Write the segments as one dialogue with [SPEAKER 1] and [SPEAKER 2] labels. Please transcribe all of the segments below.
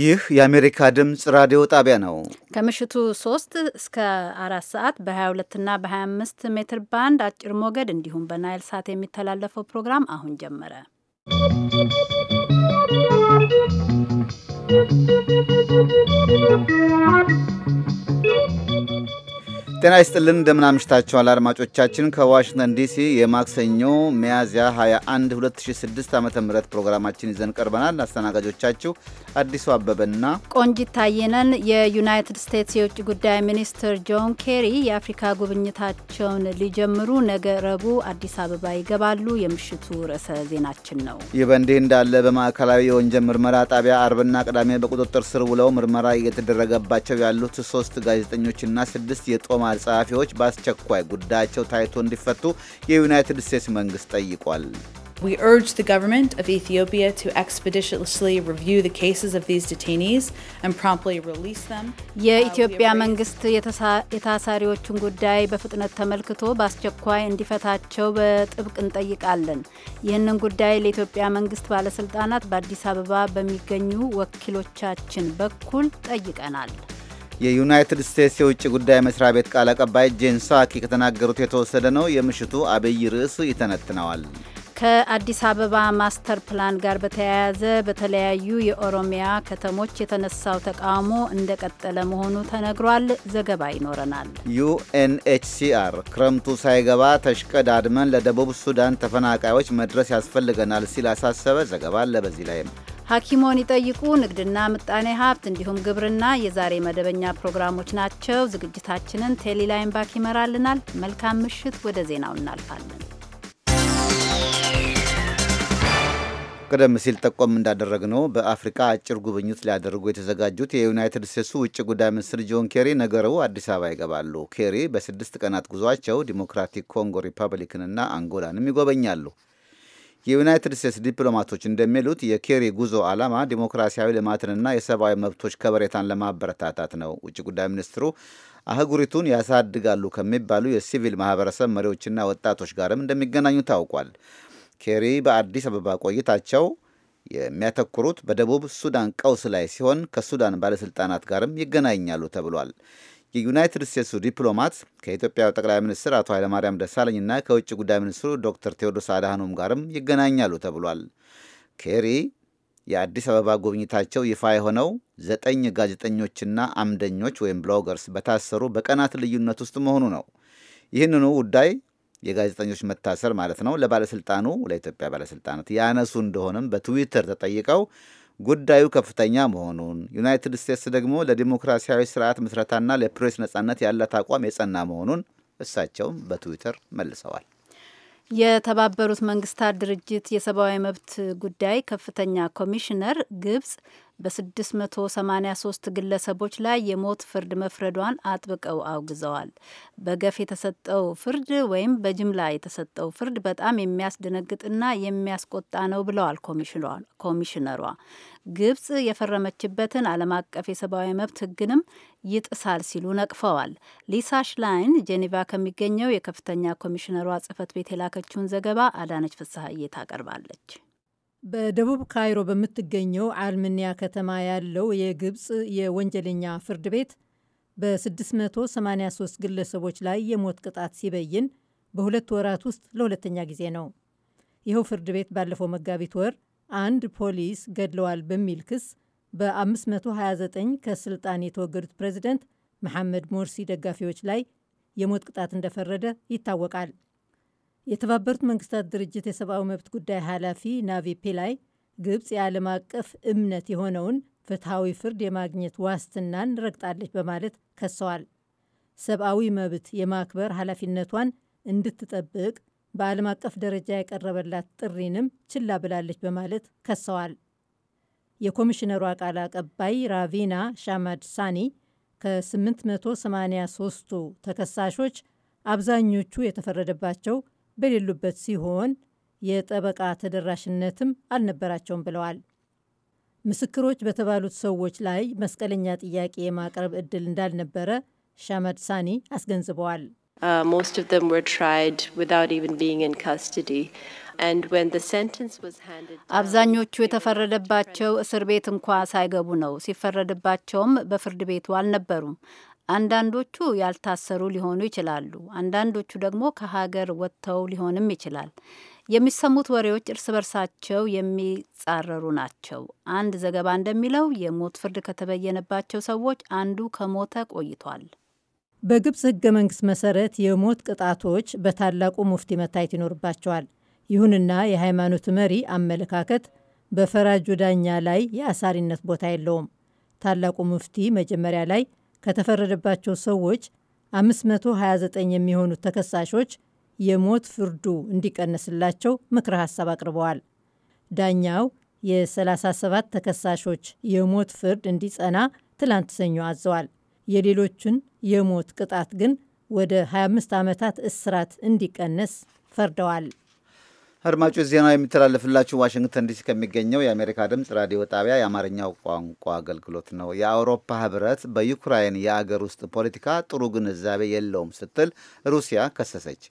[SPEAKER 1] ይህ የአሜሪካ ድምፅ ራዲዮ ጣቢያ ነው።
[SPEAKER 2] ከምሽቱ 3 እስከ 4 ሰዓት በ 22 እና በ25 ሜትር ባንድ አጭር ሞገድ እንዲሁም በናይል ሳት የሚተላለፈው ፕሮግራም አሁን ጀመረ።
[SPEAKER 3] ¶¶
[SPEAKER 1] ጤና ይስጥልን እንደምናምሽታችኋል አድማጮቻችን። ከዋሽንግተን ዲሲ የማክሰኞ ሚያዝያ 21 2006 ዓ ም ፕሮግራማችን ይዘን ቀርበናል። አስተናጋጆቻችሁ አዲሱ አበበና
[SPEAKER 2] ቆንጂት ታየነን። የዩናይትድ ስቴትስ የውጭ ጉዳይ ሚኒስትር ጆን ኬሪ የአፍሪካ ጉብኝታቸውን ሊጀምሩ ነገ ረቡዕ አዲስ አበባ ይገባሉ። የምሽቱ ርዕሰ ዜናችን ነው።
[SPEAKER 1] ይህ በእንዲህ እንዳለ በማዕከላዊ የወንጀል ምርመራ ጣቢያ አርብና ቅዳሜ በቁጥጥር ስር ውለው ምርመራ እየተደረገባቸው ያሉት ሶስት ጋዜጠኞችና ስድስት የጦማ የሐማስ ጸሐፊዎች በአስቸኳይ ጉዳያቸው ታይቶ እንዲፈቱ የዩናይትድ ስቴትስ መንግሥት ጠይቋል።
[SPEAKER 4] We urge the government of Ethiopia to expeditiously review the cases of these detainees and promptly release them.
[SPEAKER 2] የኢትዮጵያ መንግስት የታሳሪዎቹን ጉዳይ በፍጥነት ተመልክቶ በአስቸኳይ እንዲፈታቸው በጥብቅ እንጠይቃለን። ይህንን ጉዳይ ለኢትዮጵያ መንግስት ባለስልጣናት በአዲስ አበባ በሚገኙ ወኪሎቻችን በኩል ጠይቀናል።
[SPEAKER 1] የዩናይትድ ስቴትስ የውጭ ጉዳይ መስሪያ ቤት ቃል አቀባይ ጄን ሳኪ ከተናገሩት የተወሰደ ነው። የምሽቱ አብይ ርዕስ ይተነትነዋል።
[SPEAKER 2] ከአዲስ አበባ ማስተር ፕላን ጋር በተያያዘ በተለያዩ የኦሮሚያ ከተሞች የተነሳው ተቃውሞ እንደቀጠለ መሆኑ ተነግሯል። ዘገባ ይኖረናል።
[SPEAKER 1] ዩኤንኤችሲአር ክረምቱ ሳይገባ ተሽቀዳድመን ለደቡብ ሱዳን ተፈናቃዮች መድረስ ያስፈልገናል ሲል አሳሰበ። ዘገባ አለ በዚህ ላይም
[SPEAKER 2] ሐኪሞን ይጠይቁ፣ ንግድና ምጣኔ ሀብት እንዲሁም ግብርና የዛሬ መደበኛ ፕሮግራሞች ናቸው። ዝግጅታችንን ቴሌላይን ባክ ይመራልናል። መልካም ምሽት። ወደ ዜናው እናልፋለን።
[SPEAKER 1] ቀደም ሲል ጠቆም እንዳደረግነው በአፍሪካ አጭር ጉብኝት ሊያደርጉ የተዘጋጁት የዩናይትድ ስቴትሱ ውጭ ጉዳይ ሚኒስትር ጆን ኬሪ ነገረው አዲስ አበባ ይገባሉ። ኬሪ በስድስት ቀናት ጉዟቸው ዲሞክራቲክ ኮንጎ ሪፐብሊክንና አንጎላንም ይጎበኛሉ። የዩናይትድ ስቴትስ ዲፕሎማቶች እንደሚሉት የኬሪ ጉዞ ዓላማ ዲሞክራሲያዊ ልማትንና የሰብአዊ መብቶች ከበሬታን ለማበረታታት ነው። ውጭ ጉዳይ ሚኒስትሩ አህጉሪቱን ያሳድጋሉ ከሚባሉ የሲቪል ማህበረሰብ መሪዎችና ወጣቶች ጋርም እንደሚገናኙ ታውቋል። ኬሪ በአዲስ አበባ ቆይታቸው የሚያተኩሩት በደቡብ ሱዳን ቀውስ ላይ ሲሆን ከሱዳን ባለሥልጣናት ጋርም ይገናኛሉ ተብሏል። የዩናይትድ ስቴትሱ ዲፕሎማት ከኢትዮጵያ ጠቅላይ ሚኒስትር አቶ ኃይለማርያም ደሳለኝና ከውጭ ጉዳይ ሚኒስትሩ ዶክተር ቴዎድሮስ አድሃኖም ጋርም ይገናኛሉ ተብሏል። ኬሪ የአዲስ አበባ ጉብኝታቸው ይፋ የሆነው ዘጠኝ ጋዜጠኞችና አምደኞች ወይም ብሎገርስ በታሰሩ በቀናት ልዩነት ውስጥ መሆኑ ነው። ይህንኑ ጉዳይ የጋዜጠኞች መታሰር ማለት ነው ለባለስልጣኑ ለኢትዮጵያ ባለስልጣናት ያነሱ እንደሆነም በትዊተር ተጠይቀው ጉዳዩ ከፍተኛ መሆኑን ዩናይትድ ስቴትስ ደግሞ ለዲሞክራሲያዊ ስርዓት ምስረታና ለፕሬስ ነጻነት ያላት አቋም የጸና መሆኑን እሳቸውም በትዊተር መልሰዋል።
[SPEAKER 2] የተባበሩት መንግስታት ድርጅት የሰብአዊ መብት ጉዳይ ከፍተኛ ኮሚሽነር ግብጽ በ683 ግለሰቦች ላይ የሞት ፍርድ መፍረዷን አጥብቀው አውግዘዋል። በገፍ የተሰጠው ፍርድ ወይም በጅምላ የተሰጠው ፍርድ በጣም የሚያስደነግጥና የሚያስቆጣ ነው ብለዋል ኮሚሽነሯ። ግብጽ የፈረመችበትን ዓለም አቀፍ የሰብአዊ መብት ሕግንም ይጥሳል ሲሉ ነቅፈዋል። ሊሳ ሽላይን ጄኔቫ ከሚገኘው የከፍተኛ ኮሚሽነሯ ጽህፈት ቤት የላከችውን ዘገባ አዳነች ፍስሀዬ ታቀርባለች።
[SPEAKER 5] በደቡብ ካይሮ በምትገኘው አልምኒያ ከተማ ያለው የግብፅ የወንጀለኛ ፍርድ ቤት በ683 ግለሰቦች ላይ የሞት ቅጣት ሲበይን በሁለት ወራት ውስጥ ለሁለተኛ ጊዜ ነው። ይኸው ፍርድ ቤት ባለፈው መጋቢት ወር አንድ ፖሊስ ገድለዋል በሚል ክስ በ529 ከስልጣን የተወገዱት ፕሬዚደንት መሐመድ ሞርሲ ደጋፊዎች ላይ የሞት ቅጣት እንደፈረደ ይታወቃል። የተባበሩት መንግስታት ድርጅት የሰብአዊ መብት ጉዳይ ኃላፊ ናቪ ፒላይ ግብፅ የዓለም አቀፍ እምነት የሆነውን ፍትሐዊ ፍርድ የማግኘት ዋስትናን ረግጣለች በማለት ከሰዋል። ሰብአዊ መብት የማክበር ኃላፊነቷን እንድትጠብቅ በዓለም አቀፍ ደረጃ የቀረበላት ጥሪንም ችላ ብላለች በማለት ከሰዋል። የኮሚሽነሯ ቃል አቀባይ ራቪና ሻማድ ሳኒ ከ883ቱ ተከሳሾች አብዛኞቹ የተፈረደባቸው በሌሉበት ሲሆን የጠበቃ ተደራሽነትም አልነበራቸውም ብለዋል። ምስክሮች በተባሉት ሰዎች ላይ መስቀለኛ ጥያቄ የማቅረብ እድል እንዳልነበረ ሻመድ ሳኒ አስገንዝበዋል።
[SPEAKER 2] uh, አብዛኞቹ የተፈረደባቸው እስር ቤት እንኳ ሳይገቡ ነው። ሲፈረድባቸውም በፍርድ ቤቱ አልነበሩም። አንዳንዶቹ ያልታሰሩ ሊሆኑ ይችላሉ። አንዳንዶቹ ደግሞ ከሀገር ወጥተው ሊሆንም ይችላል። የሚሰሙት ወሬዎች እርስ በርሳቸው የሚጻረሩ ናቸው። አንድ ዘገባ እንደሚለው የሞት ፍርድ ከተበየነባቸው ሰዎች አንዱ ከሞተ ቆይቷል።
[SPEAKER 5] በግብፅ ህገ መንግስት መሰረት የሞት ቅጣቶች በታላቁ ሙፍቲ መታየት ይኖርባቸዋል። ይሁንና የሃይማኖት መሪ አመለካከት በፈራጁ ዳኛ ላይ የአሳሪነት ቦታ የለውም። ታላቁ ሙፍቲ መጀመሪያ ላይ ከተፈረደባቸው ሰዎች 529 የሚሆኑት ተከሳሾች የሞት ፍርዱ እንዲቀነስላቸው ምክረ ሀሳብ አቅርበዋል። ዳኛው የ37 ተከሳሾች የሞት ፍርድ እንዲጸና ትላንት ሰኞ አዘዋል። የሌሎቹን የሞት ቅጣት ግን ወደ 25 ዓመታት እስራት እንዲቀነስ ፈርደዋል።
[SPEAKER 1] አድማጮች ዜናው የሚተላለፍላችሁ ዋሽንግተን ዲሲ ከሚገኘው የአሜሪካ ድምፅ ራዲዮ ጣቢያ የአማርኛው ቋንቋ አገልግሎት ነው። የአውሮፓ ህብረት በዩክራይን የአገር ውስጥ ፖለቲካ ጥሩ ግንዛቤ የለውም ስትል ሩሲያ ከሰሰች።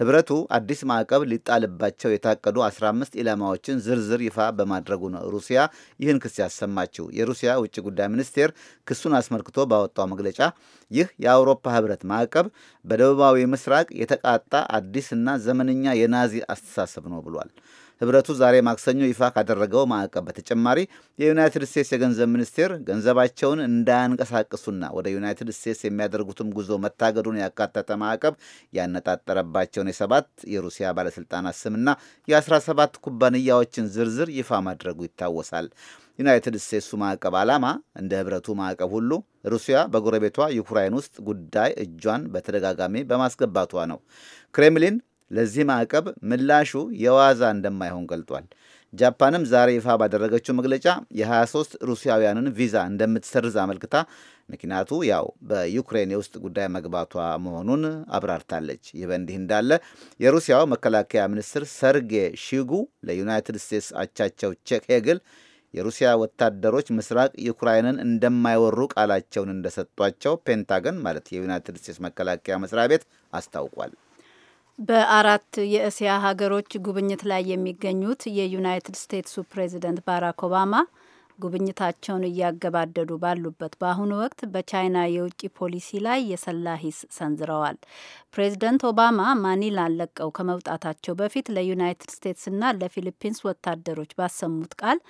[SPEAKER 1] ህብረቱ አዲስ ማዕቀብ ሊጣልባቸው የታቀዱ 15 ኢላማዎችን ዝርዝር ይፋ በማድረጉ ነው ሩሲያ ይህን ክስ ያሰማችው። የሩሲያ ውጭ ጉዳይ ሚኒስቴር ክሱን አስመልክቶ ባወጣው መግለጫ ይህ የአውሮፓ ህብረት ማዕቀብ በደቡባዊ ምስራቅ የተቃጣ አዲስና ዘመንኛ የናዚ አስተሳሰብ ነው ብሏል። ህብረቱ ዛሬ ማክሰኞ ይፋ ካደረገው ማዕቀብ በተጨማሪ የዩናይትድ ስቴትስ የገንዘብ ሚኒስቴር ገንዘባቸውን እንዳያንቀሳቅሱና ወደ ዩናይትድ ስቴትስ የሚያደርጉትም ጉዞ መታገዱን ያካተተ ማዕቀብ ያነጣጠረባቸውን የሰባት የሩሲያ ባለስልጣናት ስምና የ17 ኩባንያዎችን ዝርዝር ይፋ ማድረጉ ይታወሳል። ዩናይትድ ስቴትሱ ማዕቀብ ዓላማ እንደ ህብረቱ ማዕቀብ ሁሉ ሩሲያ በጎረቤቷ ዩክራይን ውስጥ ጉዳይ እጇን በተደጋጋሚ በማስገባቷ ነው። ክሬምሊን ለዚህ ማዕቀብ ምላሹ የዋዛ እንደማይሆን ገልጧል። ጃፓንም ዛሬ ይፋ ባደረገችው መግለጫ የ23 ሩሲያውያንን ቪዛ እንደምትሰርዝ አመልክታ ምክንያቱ ያው በዩክሬን የውስጥ ጉዳይ መግባቷ መሆኑን አብራርታለች። ይህ በእንዲህ እንዳለ የሩሲያው መከላከያ ሚኒስትር ሰርጌ ሺጉ ለዩናይትድ ስቴትስ አቻቸው ቼክ ሄግል የሩሲያ ወታደሮች ምስራቅ ዩክራይንን እንደማይወሩ ቃላቸውን እንደሰጧቸው ፔንታገን ማለት የዩናይትድ ስቴትስ መከላከያ መስሪያ ቤት አስታውቋል።
[SPEAKER 2] በአራት የእስያ ሀገሮች ጉብኝት ላይ የሚገኙት የዩናይትድ ስቴትሱ ፕሬዚደንት ባራክ ኦባማ ጉብኝታቸውን እያገባደዱ ባሉበት በአሁኑ ወቅት በቻይና የውጭ ፖሊሲ ላይ የሰላ ሂስ ሰንዝረዋል። ፕሬዚደንት ኦባማ ማኒላን ለቀው ከመውጣታቸው በፊት ለዩናይትድ ስቴትስና ለፊሊፒንስ ወታደሮች ባሰሙት ቃል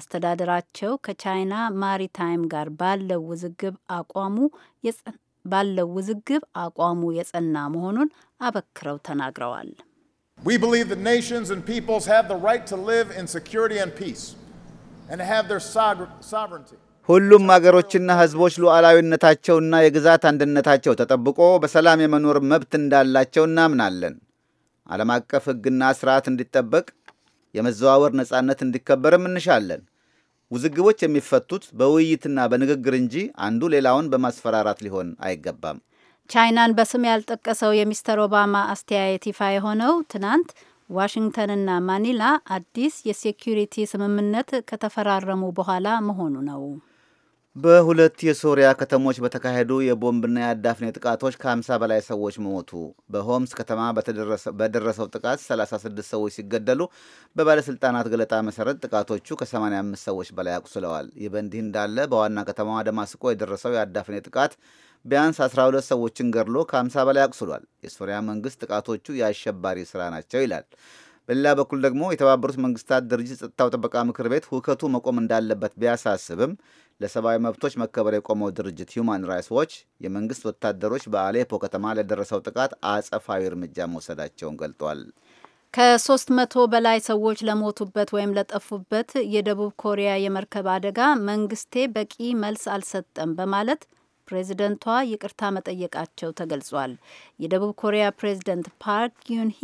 [SPEAKER 2] አስተዳደራቸው ከቻይና ማሪታይም ጋር ባለው ውዝግብ አቋሙ ባለው ውዝግብ አቋሙ የጸና መሆኑን አበክረው ተናግረዋል። We believe that nations and peoples have the right to live in security and peace and have their sovereignty.
[SPEAKER 1] ሁሉም አገሮችና ሕዝቦች ሉዓላዊነታቸውና የግዛት አንድነታቸው ተጠብቆ በሰላም የመኖር መብት እንዳላቸው እናምናለን። ዓለም አቀፍ ሕግና ስርዓት እንዲጠበቅ፣ የመዘዋወር ነጻነት እንዲከበርም እንሻለን። ውዝግቦች የሚፈቱት በውይይትና በንግግር እንጂ አንዱ ሌላውን በማስፈራራት ሊሆን አይገባም።
[SPEAKER 2] ቻይናን በስም ያልጠቀሰው የሚስተር ኦባማ አስተያየት ይፋ የሆነው ትናንት ዋሽንግተንና ማኒላ አዲስ የሴኪሪቲ ስምምነት ከተፈራረሙ በኋላ መሆኑ ነው።
[SPEAKER 1] በሁለት የሶሪያ ከተሞች በተካሄዱ የቦምብና የአዳፍኔ ጥቃቶች ከ50 በላይ ሰዎች ሞቱ። በሆምስ ከተማ በደረሰው ጥቃት 36 ሰዎች ሲገደሉ፣ በባለሥልጣናት ገለጣ መሠረት ጥቃቶቹ ከ85 ሰዎች በላይ አቁስለዋል። ይህ በእንዲህ እንዳለ በዋና ከተማዋ ደማስቆ የደረሰው የአዳፍኔ ጥቃት ቢያንስ 12 ሰዎችን ገድሎ ከ50 በላይ አቁስሏል። የሶሪያ መንግስት ጥቃቶቹ የአሸባሪ ስራ ናቸው ይላል። በሌላ በኩል ደግሞ የተባበሩት መንግስታት ድርጅት ጸጥታው ጥበቃ ምክር ቤት ሁከቱ መቆም እንዳለበት ቢያሳስብም ለሰብአዊ መብቶች መከበር የቆመው ድርጅት ሁማን ራይትስ ዎች የመንግስት ወታደሮች በአሌፖ ከተማ ለደረሰው ጥቃት አጸፋዊ እርምጃ መውሰዳቸውን ገልጧል።
[SPEAKER 2] ከሶስት መቶ በላይ ሰዎች ለሞቱበት ወይም ለጠፉበት የደቡብ ኮሪያ የመርከብ አደጋ መንግስቴ በቂ መልስ አልሰጠም በማለት ፕሬዝደንቷ ይቅርታ መጠየቃቸው ተገልጿል። የደቡብ ኮሪያ ፕሬዝደንት ፓርክ ዩንሂ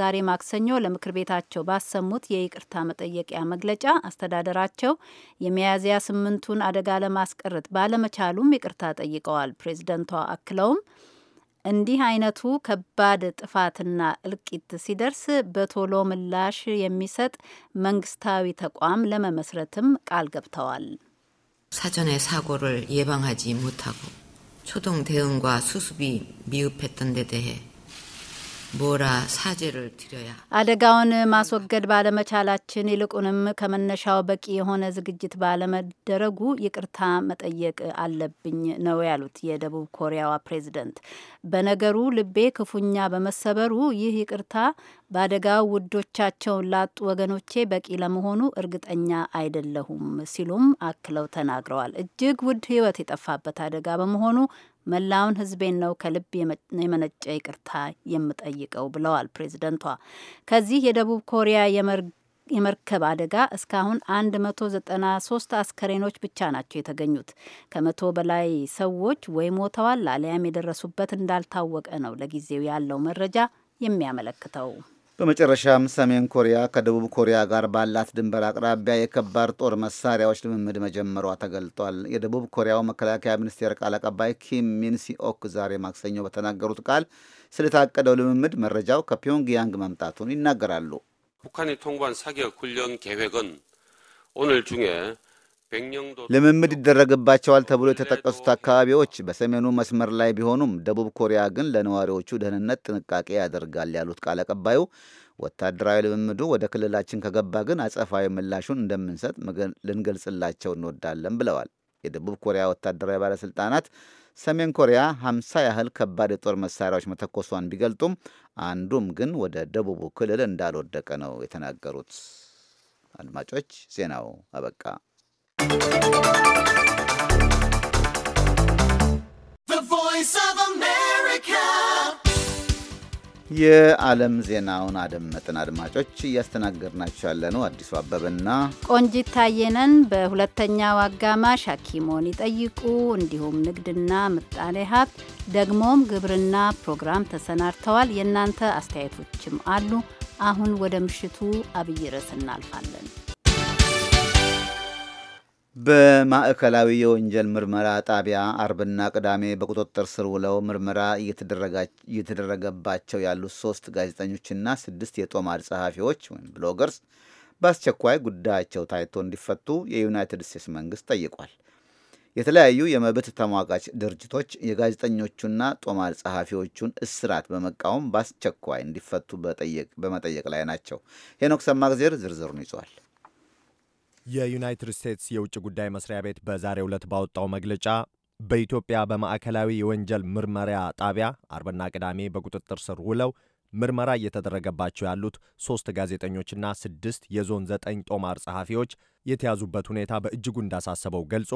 [SPEAKER 2] ዛሬ ማክሰኞ ለምክር ቤታቸው ባሰሙት የይቅርታ መጠየቂያ መግለጫ አስተዳደራቸው የሚያዝያ ስምንቱን አደጋ ለማስቀረት ባለመቻሉም ይቅርታ ጠይቀዋል። ፕሬዝደንቷ አክለውም እንዲህ አይነቱ ከባድ ጥፋትና እልቂት ሲደርስ በቶሎ ምላሽ የሚሰጥ መንግስታዊ ተቋም ለመመስረትም ቃል ገብተዋል።
[SPEAKER 5] 사전에 사고를 예방하지 못하고 초동 대응과 수습이 미흡했던 데 대해 ቦራ
[SPEAKER 2] አደጋውን ማስወገድ ባለመቻላችን ይልቁንም ከመነሻው በቂ የሆነ ዝግጅት ባለመደረጉ ይቅርታ መጠየቅ አለብኝ ነው ያሉት የደቡብ ኮሪያዋ ፕሬዝደንት። በነገሩ ልቤ ክፉኛ በመሰበሩ ይህ ይቅርታ በአደጋው ውዶቻቸውን ላጡ ወገኖቼ በቂ ለመሆኑ እርግጠኛ አይደለሁም ሲሉም አክለው ተናግረዋል። እጅግ ውድ ሕይወት የጠፋበት አደጋ በመሆኑ መላውን ህዝቤን ነው ከልብ የመነጨ ይቅርታ የምጠይቀው ብለዋል ፕሬዝደንቷ። ከዚህ የደቡብ ኮሪያ የመርከብ አደጋ እስካሁን 193 አስከሬኖች ብቻ ናቸው የተገኙት። ከመቶ በላይ ሰዎች ወይ ሞተዋል አሊያም የደረሱበት እንዳልታወቀ ነው ለጊዜው ያለው መረጃ የሚያመለክተው።
[SPEAKER 1] በመጨረሻም ሰሜን ኮሪያ ከደቡብ ኮሪያ ጋር ባላት ድንበር አቅራቢያ የከባድ ጦር መሳሪያዎች ልምምድ መጀመሯ ተገልጧል። የደቡብ ኮሪያው መከላከያ ሚኒስቴር ቃል አቀባይ ኪም ሚንሲኦክ ዛሬ ማክሰኞ በተናገሩት ቃል ስለታቀደው ልምምድ መረጃው ከፒዮንግያንግ መምጣቱን ይናገራሉ።
[SPEAKER 6] 북한이 통보한 사격 훈련 계획은 오늘 중에
[SPEAKER 1] ልምምድ ይደረግባቸዋል ተብሎ የተጠቀሱት አካባቢዎች በሰሜኑ መስመር ላይ ቢሆኑም ደቡብ ኮሪያ ግን ለነዋሪዎቹ ደህንነት ጥንቃቄ ያደርጋል ያሉት ቃል አቀባዩ ወታደራዊ ልምምዱ ወደ ክልላችን ከገባ ግን አጸፋዊ ምላሹን እንደምንሰጥ ልንገልጽላቸው እንወዳለን ብለዋል። የደቡብ ኮሪያ ወታደራዊ ባለሥልጣናት ሰሜን ኮሪያ 50 ያህል ከባድ የጦር መሳሪያዎች መተኮሷን ቢገልጡም አንዱም ግን ወደ ደቡቡ ክልል እንዳልወደቀ ነው የተናገሩት። አድማጮች ዜናው አበቃ። የዓለም ዜናውን አደመጥን። አድማጮች እያስተናገድናቸው ያለነው አዲሱ አበበና
[SPEAKER 2] ቆንጂት ታየነን። በሁለተኛው አጋማሽ ሐኪሞን ይጠይቁ እንዲሁም ንግድና ምጣኔ ሀብት ደግሞም ግብርና ፕሮግራም ተሰናድተዋል። የእናንተ አስተያየቶችም አሉ። አሁን ወደ ምሽቱ አብይ ርዕስ እናልፋለን።
[SPEAKER 1] በማዕከላዊ የወንጀል ምርመራ ጣቢያ አርብና ቅዳሜ በቁጥጥር ስር ውለው ምርመራ እየተደረገባቸው ያሉት ሶስት ጋዜጠኞችና ስድስት የጦማር ጸሐፊዎች ወይም ብሎገርስ በአስቸኳይ ጉዳያቸው ታይቶ እንዲፈቱ የዩናይትድ ስቴትስ መንግስት ጠይቋል። የተለያዩ የመብት ተሟጋች ድርጅቶች የጋዜጠኞቹና ጦማር ጸሐፊዎቹን እስራት በመቃወም በአስቸኳይ እንዲፈቱ በመጠየቅ ላይ ናቸው። ሄኖክ ሰማግዜር ዝርዝሩን ይዟል።
[SPEAKER 7] የዩናይትድ ስቴትስ የውጭ ጉዳይ መስሪያ ቤት በዛሬ ዕለት ባወጣው መግለጫ በኢትዮጵያ በማዕከላዊ የወንጀል ምርመሪያ ጣቢያ አርብና ቅዳሜ በቁጥጥር ስር ውለው ምርመራ እየተደረገባቸው ያሉት ሦስት ጋዜጠኞችና ስድስት የዞን ዘጠኝ ጦማር ጸሐፊዎች የተያዙበት ሁኔታ በእጅጉ እንዳሳሰበው ገልጾ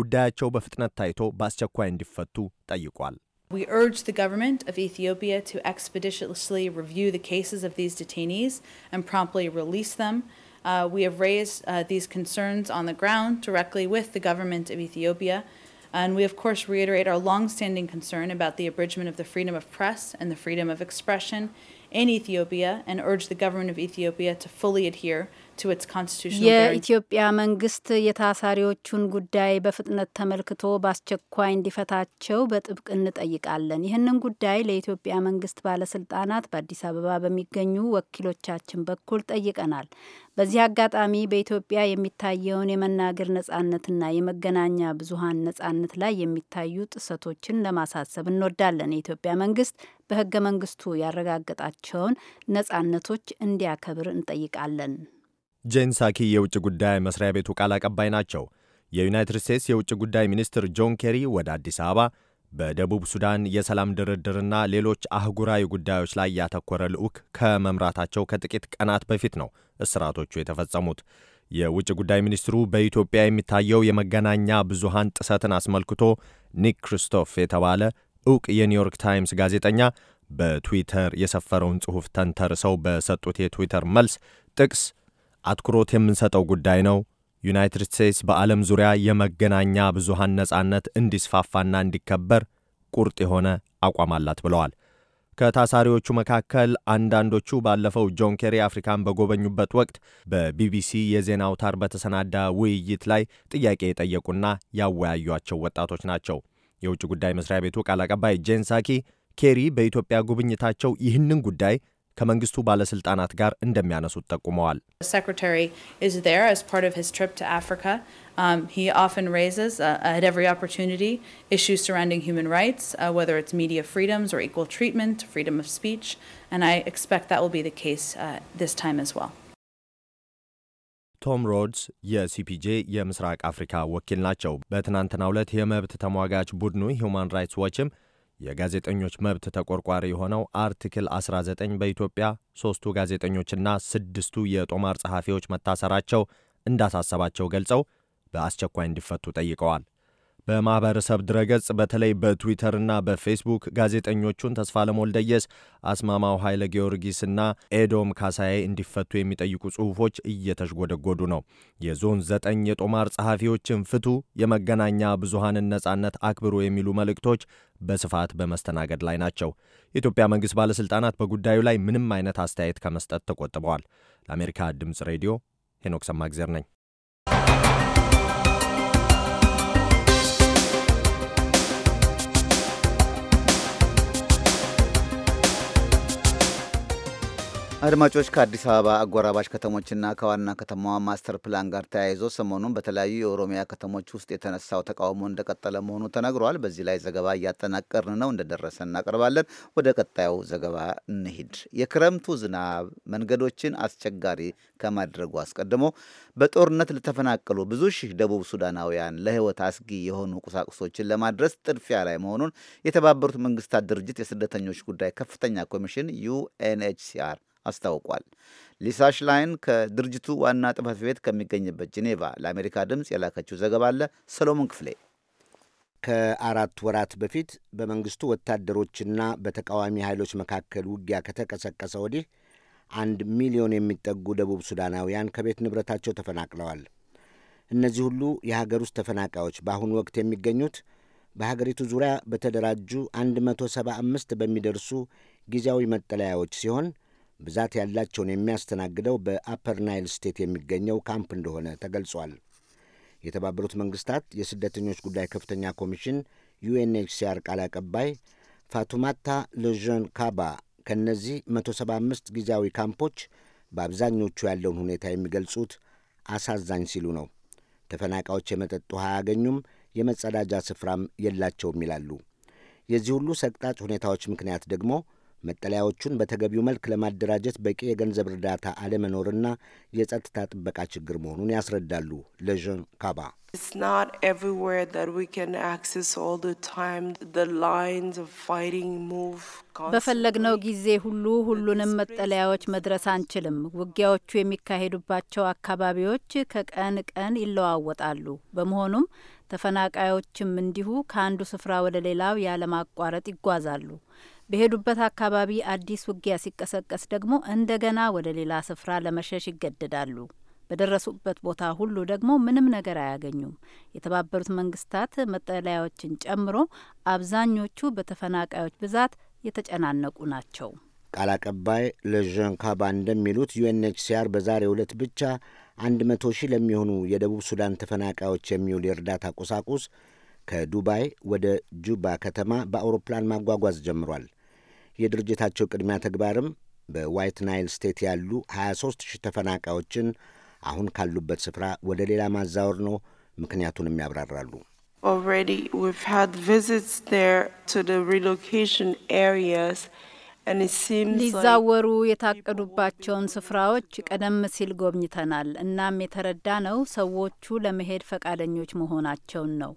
[SPEAKER 7] ጉዳያቸው በፍጥነት ታይቶ በአስቸኳይ እንዲፈቱ ጠይቋል።
[SPEAKER 4] We urge the government of Ethiopia to expeditiously review the cases of these detainees and promptly release them. Uh, we have raised uh, these concerns on the ground directly with the government of Ethiopia. And we, of course, reiterate our longstanding concern about the abridgment of the freedom of press and the freedom of expression in Ethiopia and urge the government of Ethiopia to fully adhere የኢትዮጵያ
[SPEAKER 2] መንግስት የታሳሪዎቹን ጉዳይ በፍጥነት ተመልክቶ በአስቸኳይ እንዲፈታቸው በጥብቅ እንጠይቃለን። ይህንን ጉዳይ ለኢትዮጵያ መንግስት ባለስልጣናት በአዲስ አበባ በሚገኙ ወኪሎቻችን በኩል ጠይቀናል። በዚህ አጋጣሚ በኢትዮጵያ የሚታየውን የመናገር ነጻነትና የመገናኛ ብዙሀን ነጻነት ላይ የሚታዩ ጥሰቶችን ለማሳሰብ እንወዳለን። የኢትዮጵያ መንግስት በህገ መንግስቱ ያረጋገጣቸውን ነጻነቶች እንዲያከብር እንጠይቃለን።
[SPEAKER 7] ጄን ሳኪ የውጭ ጉዳይ መስሪያ ቤቱ ቃል አቀባይ ናቸው። የዩናይትድ ስቴትስ የውጭ ጉዳይ ሚኒስትር ጆን ኬሪ ወደ አዲስ አበባ በደቡብ ሱዳን የሰላም ድርድርና ሌሎች አህጉራዊ ጉዳዮች ላይ ያተኮረ ልዑክ ከመምራታቸው ከጥቂት ቀናት በፊት ነው እስራቶቹ የተፈጸሙት። የውጭ ጉዳይ ሚኒስትሩ በኢትዮጵያ የሚታየው የመገናኛ ብዙሃን ጥሰትን አስመልክቶ ኒክ ክርስቶፍ የተባለ ዕውቅ የኒውዮርክ ታይምስ ጋዜጠኛ በትዊተር የሰፈረውን ጽሑፍ ተንተርሰው በሰጡት የትዊተር መልስ ጥቅስ አትኩሮት የምንሰጠው ጉዳይ ነው። ዩናይትድ ስቴትስ በዓለም ዙሪያ የመገናኛ ብዙሃን ነጻነት እንዲስፋፋና እንዲከበር ቁርጥ የሆነ አቋም አላት ብለዋል። ከታሳሪዎቹ መካከል አንዳንዶቹ ባለፈው ጆን ኬሪ አፍሪካን በጎበኙበት ወቅት በቢቢሲ የዜና አውታር በተሰናዳ ውይይት ላይ ጥያቄ የጠየቁና ያወያዩቸው ወጣቶች ናቸው። የውጭ ጉዳይ መስሪያ ቤቱ ቃል አቀባይ ጄን ሳኪ ኬሪ በኢትዮጵያ ጉብኝታቸው ይህንን ጉዳይ ከመንግስቱ ባለስልጣናት ጋር እንደሚያነሱት ጠቁመዋል። ቶም ሮድስ um, uh, uh, uh, የሲፒጄ የምስራቅ አፍሪካ ወኪል ናቸው። በትናንትናው ዕለት የመብት ተሟጋች ቡድኑ ሁማን ራይትስ ዋችም የጋዜጠኞች መብት ተቆርቋሪ የሆነው አርቲክል 19 በኢትዮጵያ ሦስቱ ጋዜጠኞችና ስድስቱ የጦማር ጸሐፊዎች መታሰራቸው እንዳሳሰባቸው ገልጸው በአስቸኳይ እንዲፈቱ ጠይቀዋል። በማህበረሰብ ድረገጽ በተለይ በትዊተርና በፌስቡክ ጋዜጠኞቹን ተስፋለም ወልደየስ፣ አስማማው ኃይለ ጊዮርጊስና ኤዶም ካሳዬ እንዲፈቱ የሚጠይቁ ጽሑፎች እየተሽጎደጎዱ ነው። የዞን ዘጠኝ የጦማር ጸሐፊዎችን ፍቱ፣ የመገናኛ ብዙሃንን ነጻነት አክብሩ የሚሉ መልእክቶች በስፋት በመስተናገድ ላይ ናቸው። የኢትዮጵያ መንግሥት ባለሥልጣናት በጉዳዩ ላይ ምንም አይነት አስተያየት ከመስጠት ተቆጥበዋል። ለአሜሪካ ድምፅ ሬዲዮ ሄኖክ ሰማግዜር ነኝ።
[SPEAKER 1] አድማጮች ከአዲስ አበባ አጎራባች ከተሞችና ከዋና ከተማዋ ማስተር ፕላን ጋር ተያይዞ ሰሞኑን በተለያዩ የኦሮሚያ ከተሞች ውስጥ የተነሳው ተቃውሞ እንደቀጠለ መሆኑ ተነግሯል። በዚህ ላይ ዘገባ እያጠናቀርን ነው፣ እንደደረሰ እናቀርባለን። ወደ ቀጣዩ ዘገባ እንሂድ። የክረምቱ ዝናብ መንገዶችን አስቸጋሪ ከማድረጉ አስቀድሞ በጦርነት ለተፈናቀሉ ብዙ ሺህ ደቡብ ሱዳናውያን ለሕይወት አስጊ የሆኑ ቁሳቁሶችን ለማድረስ ጥድፊያ ላይ መሆኑን የተባበሩት መንግስታት ድርጅት የስደተኞች ጉዳይ ከፍተኛ ኮሚሽን ዩኤንኤችሲአር አስታውቋል። ሊሳ ሽላይን ከድርጅቱ ዋና ጽሕፈት ቤት ከሚገኝበት ጄኔቫ ለአሜሪካ ድምፅ የላከችው ዘገባ አለ። ሰሎሞን ክፍሌ
[SPEAKER 8] ከአራት ወራት በፊት በመንግስቱ ወታደሮችና በተቃዋሚ ኃይሎች መካከል ውጊያ ከተቀሰቀሰ ወዲህ አንድ ሚሊዮን የሚጠጉ ደቡብ ሱዳናውያን ከቤት ንብረታቸው ተፈናቅለዋል። እነዚህ ሁሉ የሀገር ውስጥ ተፈናቃዮች በአሁኑ ወቅት የሚገኙት በሀገሪቱ ዙሪያ በተደራጁ 175 በሚደርሱ ጊዜያዊ መጠለያዎች ሲሆን ብዛት ያላቸውን የሚያስተናግደው በአፐር ናይል ስቴት የሚገኘው ካምፕ እንደሆነ ተገልጿል። የተባበሩት መንግስታት የስደተኞች ጉዳይ ከፍተኛ ኮሚሽን ዩኤንኤችሲአር ቃል አቀባይ ፋቱማታ ለዦን ካባ ከእነዚህ 175 ጊዜያዊ ካምፖች በአብዛኞቹ ያለውን ሁኔታ የሚገልጹት አሳዛኝ ሲሉ ነው። ተፈናቃዮች የመጠጥ ውሃ አያገኙም፣ የመጸዳጃ ስፍራም የላቸውም ይላሉ። የዚህ ሁሉ ሰቅጣጭ ሁኔታዎች ምክንያት ደግሞ መጠለያዎቹን በተገቢው መልክ ለማደራጀት በቂ የገንዘብ እርዳታ አለመኖርና የጸጥታ ጥበቃ ችግር መሆኑን ያስረዳሉ። ለዥን ካባ በፈለግነው
[SPEAKER 2] ጊዜ ሁሉ ሁሉንም መጠለያዎች መድረስ አንችልም። ውጊያዎቹ የሚካሄዱባቸው አካባቢዎች ከቀን ቀን ይለዋወጣሉ። በመሆኑም ተፈናቃዮችም እንዲሁ ከአንዱ ስፍራ ወደ ሌላው ያለማቋረጥ ይጓዛሉ። በሄዱበት አካባቢ አዲስ ውጊያ ሲቀሰቀስ ደግሞ እንደገና ወደ ሌላ ስፍራ ለመሸሽ ይገደዳሉ። በደረሱበት ቦታ ሁሉ ደግሞ ምንም ነገር አያገኙም። የተባበሩት መንግስታት መጠለያዎችን ጨምሮ አብዛኞቹ በተፈናቃዮች ብዛት የተጨናነቁ ናቸው።
[SPEAKER 8] ቃል አቀባይ ለዣን ካባ እንደሚሉት ዩኤንኤችሲአር በዛሬ ዕለት ብቻ አንድ መቶ ሺህ ለሚሆኑ የደቡብ ሱዳን ተፈናቃዮች የሚውል የእርዳታ ቁሳቁስ ከዱባይ ወደ ጁባ ከተማ በአውሮፕላን ማጓጓዝ ጀምሯል። የድርጅታቸው ቅድሚያ ተግባርም በዋይት ናይል ስቴት ያሉ 23 ሺህ ተፈናቃዮችን አሁን ካሉበት ስፍራ ወደ ሌላ ማዛወር ነው። ምክንያቱንም ያብራራሉ። ሊዛወሩ
[SPEAKER 2] የታቀዱባቸውን ስፍራዎች ቀደም ሲል ጎብኝተናል። እናም የተረዳ ነው ሰዎቹ ለመሄድ ፈቃደኞች መሆናቸውን ነው።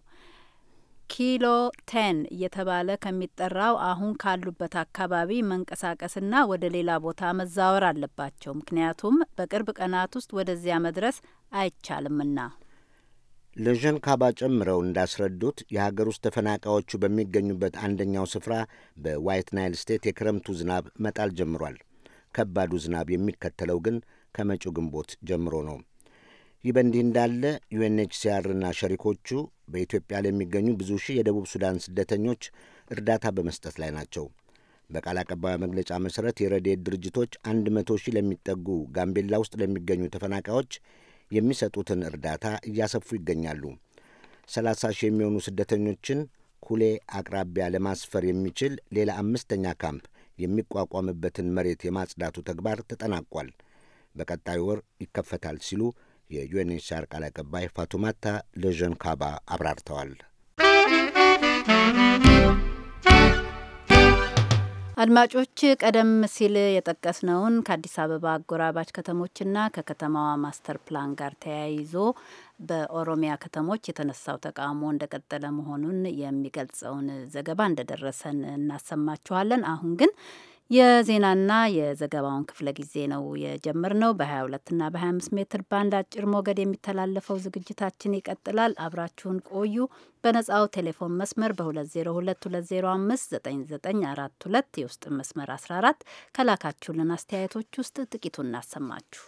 [SPEAKER 2] ኪሎ ቴን እየተባለ ከሚጠራው አሁን ካሉበት አካባቢ መንቀሳቀስና ወደ ሌላ ቦታ መዛወር አለባቸው። ምክንያቱም በቅርብ ቀናት ውስጥ ወደዚያ መድረስ አይቻልምና።
[SPEAKER 8] ለዥን ካባ ጨምረው እንዳስረዱት የሀገር ውስጥ ተፈናቃዮቹ በሚገኙበት አንደኛው ስፍራ በዋይት ናይል ስቴት የክረምቱ ዝናብ መጣል ጀምሯል። ከባዱ ዝናብ የሚከተለው ግን ከመጪው ግንቦት ጀምሮ ነው። ይህ በእንዲህ እንዳለ ዩኤንኤችሲአርና ሸሪኮቹ በኢትዮጵያ ለሚገኙ ብዙ ሺህ የደቡብ ሱዳን ስደተኞች እርዳታ በመስጠት ላይ ናቸው። በቃል አቀባዩ መግለጫ መሠረት የረድኤት ድርጅቶች አንድ መቶ ሺህ ለሚጠጉ ጋምቤላ ውስጥ ለሚገኙ ተፈናቃዮች የሚሰጡትን እርዳታ እያሰፉ ይገኛሉ። ሰላሳ ሺህ የሚሆኑ ስደተኞችን ኩሌ አቅራቢያ ለማስፈር የሚችል ሌላ አምስተኛ ካምፕ የሚቋቋምበትን መሬት የማጽዳቱ ተግባር ተጠናቋል። በቀጣይ ወር ይከፈታል ሲሉ የዩኤንኤችሲአር ቃል አቀባይ ፋቱማታ ለዠን ካባ አብራርተዋል።
[SPEAKER 2] አድማጮች ቀደም ሲል የጠቀስነውን ከአዲስ አበባ አጎራባች ከተሞችና ከከተማዋ ማስተር ፕላን ጋር ተያይዞ በኦሮሚያ ከተሞች የተነሳው ተቃውሞ እንደቀጠለ መሆኑን የሚገልጸውን ዘገባ እንደደረሰን እናሰማችኋለን። አሁን ግን የዜናና የዘገባውን ክፍለ ጊዜ ነው የጀመርነው። በ22 እና በ25 ሜትር ባንድ አጭር ሞገድ የሚተላለፈው ዝግጅታችን ይቀጥላል። አብራችሁን ቆዩ። በነጻው ቴሌፎን መስመር በ2022059942 የውስጥ መስመር 14 ከላካችሁልን አስተያየቶች ውስጥ ጥቂቱ እናሰማችሁ።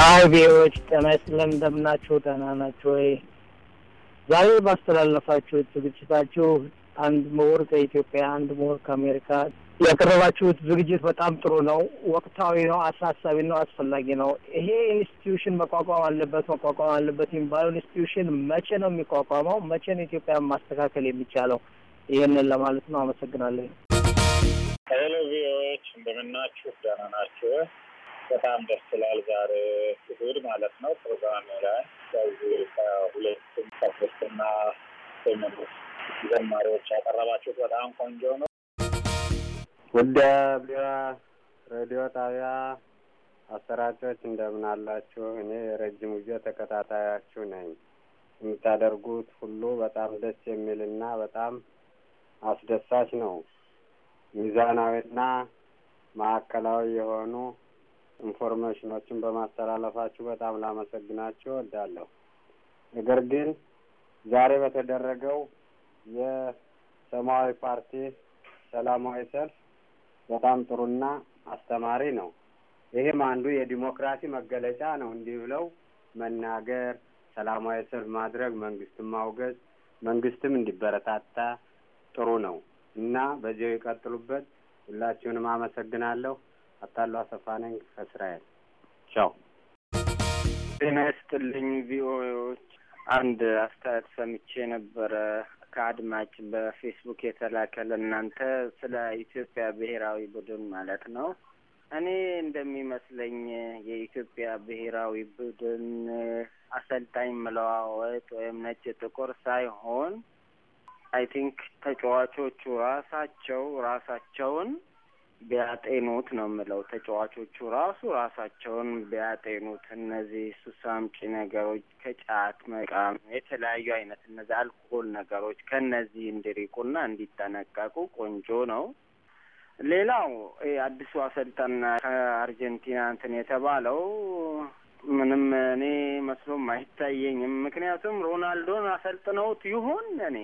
[SPEAKER 9] ሀይ ቪዎች ጤና ይስጥልን። እንደምናችሁ ደህና ናችሁ ወይ? ዛሬ ባስተላለፋችሁት ዝግጅታችሁ አንድ ምሁር ከኢትዮጵያ አንድ ምሁር ከአሜሪካ ያቀረባችሁት ዝግጅት በጣም ጥሩ ነው። ወቅታዊ ነው፣ አሳሳቢ ነው፣ አስፈላጊ ነው። ይሄ ኢንስቲትዩሽን መቋቋም አለበት መቋቋም አለበት የሚባለው ኢንስቲትዩሽን መቼ ነው የሚቋቋመው? መቼ ነው ኢትዮጵያን ማስተካከል የሚቻለው? ይህንን ለማለት ነው። አመሰግናለሁ። ሄሎ ቪኦኤዎች እንደምናችሁ ደህና ናችሁ? በጣም ደስ ይላል። ዛሬ እሑድ ማለት ነው። ፕሮግራም ላይ ከዚህ ከሁለቱም ከሶስትና ዘማሪዎች ያቀረባችሁት በጣም ቆንጆ
[SPEAKER 3] ነው። ወደ ብሔራ ሬዲዮ ጣቢያ አሰራጮች እንደምን አላችሁ? እኔ የረጅም ጊዜ ተከታታያችሁ ነኝ። የምታደርጉት ሁሉ በጣም ደስ የሚልና በጣም አስደሳች ነው። ሚዛናዊና ማዕከላዊ የሆኑ ኢንፎርሜሽኖችን በማስተላለፋችሁ በጣም ላመሰግናችሁ እወዳለሁ። ነገር ግን ዛሬ በተደረገው የሰማያዊ ፓርቲ ሰላማዊ ሰልፍ በጣም ጥሩና አስተማሪ ነው። ይህም አንዱ የዲሞክራሲ መገለጫ ነው። እንዲህ ብለው መናገር፣ ሰላማዊ ሰልፍ ማድረግ፣ መንግስትን ማውገዝ፣ መንግስትም እንዲበረታታ ጥሩ ነው እና በዚያው ይቀጥሉበት። ሁላችሁንም አመሰግናለሁ። አታሎ አሰፋ ነኝ ከእስራኤል። ቻው። ጤና ይስጥልኝ ቪኦኤዎች። አንድ አስተያየት ሰምቼ ነበረ ከአድማጭ በፌስቡክ የተላከለ እናንተ ስለ ኢትዮጵያ ብሔራዊ ቡድን ማለት ነው። እኔ እንደሚመስለኝ የኢትዮጵያ ብሔራዊ ቡድን አሰልጣኝ መለዋወጥ ወይም ነጭ ጥቁር ሳይሆን አይ ቲንክ ተጫዋቾቹ ራሳቸው ራሳቸውን ቢያጤኑት ነው የምለው። ተጫዋቾቹ ራሱ ራሳቸውን ቢያጤኑት እነዚህ ሱስ አምጪ ነገሮች ከጫት መቃም፣ የተለያዩ አይነት እነዚህ አልኮል ነገሮች ከነዚህ እንዲርቁና እንዲጠነቀቁ ቆንጆ ነው። ሌላው አዲሱ አሰልጣና ከአርጀንቲና እንትን የተባለው ምንም እኔ መስሎም አይታየኝም። ምክንያቱም ሮናልዶን አሰልጥነውት ይሆን እኔ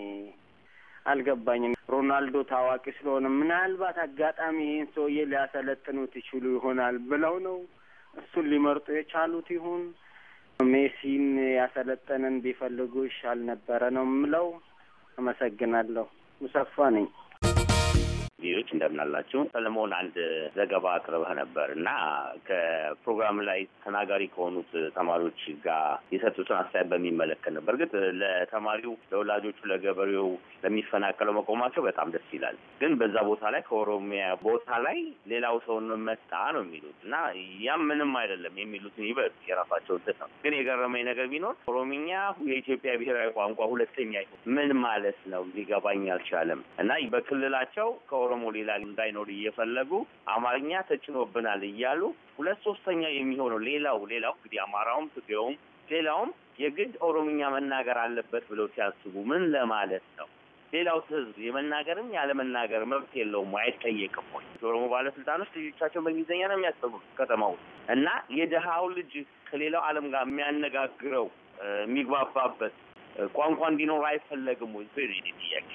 [SPEAKER 3] አልገባኝም። ሮናልዶ ታዋቂ ስለሆነ ምናልባት አጋጣሚ ይህን ሰውዬ ሊያሰለጥኑት ይችሉ ይሆናል ብለው ነው እሱን ሊመርጡ የቻሉት ይሁን ሜሲን ያሰለጠንን ቢፈልጉ ይሻል ነበረ ነው የምለው። አመሰግናለሁ። ሙሰፋ ነኝ።
[SPEAKER 10] ቪዎች እንደምናላቸው ሰለሞን አንድ ዘገባ አቅርበህ ነበር እና ከፕሮግራም ላይ ተናጋሪ ከሆኑት ተማሪዎች ጋር የሰጡትን አስተያየት በሚመለከት ነበር። እርግጥ ለተማሪው፣ ለወላጆቹ፣ ለገበሬው፣ ለሚፈናቀለው መቆማቸው በጣም ደስ ይላል። ግን በዛ ቦታ ላይ ከኦሮሚያ ቦታ ላይ ሌላው ሰውን መጣ ነው የሚሉት እና ያም ምንም አይደለም የሚሉትን ይበል የራሳቸው እንትን ነው። ግን የገረመኝ ነገር ቢኖር ኦሮሚኛ የኢትዮጵያ ብሔራዊ ቋንቋ ሁለተኛ ምን ማለት ነው ሊገባኝ አልቻለም እና በክልላቸው ኦሮሞ ሌላ እንዳይኖር እየፈለጉ አማርኛ ተጭኖብናል እያሉ ሁለት ሶስተኛ የሚሆነው ሌላው ሌላው እንግዲህ አማራውም ትግሬውም ሌላውም የግድ ኦሮምኛ መናገር አለበት ብለው ሲያስቡ ምን ለማለት ነው? ሌላው ህዝብ የመናገርም ያለመናገር መብት የለውም አይጠየቅም ወይ? የኦሮሞ ባለስልጣኖች ልጆቻቸውን በእንግሊዝኛ ነው የሚያስቡ ከተማ ውስጥ እና የድሃው ልጅ ከሌላው ዓለም ጋር የሚያነጋግረው የሚግባባበት ቋንቋ እንዲኖር አይፈለግም ወይ? ጥያቄ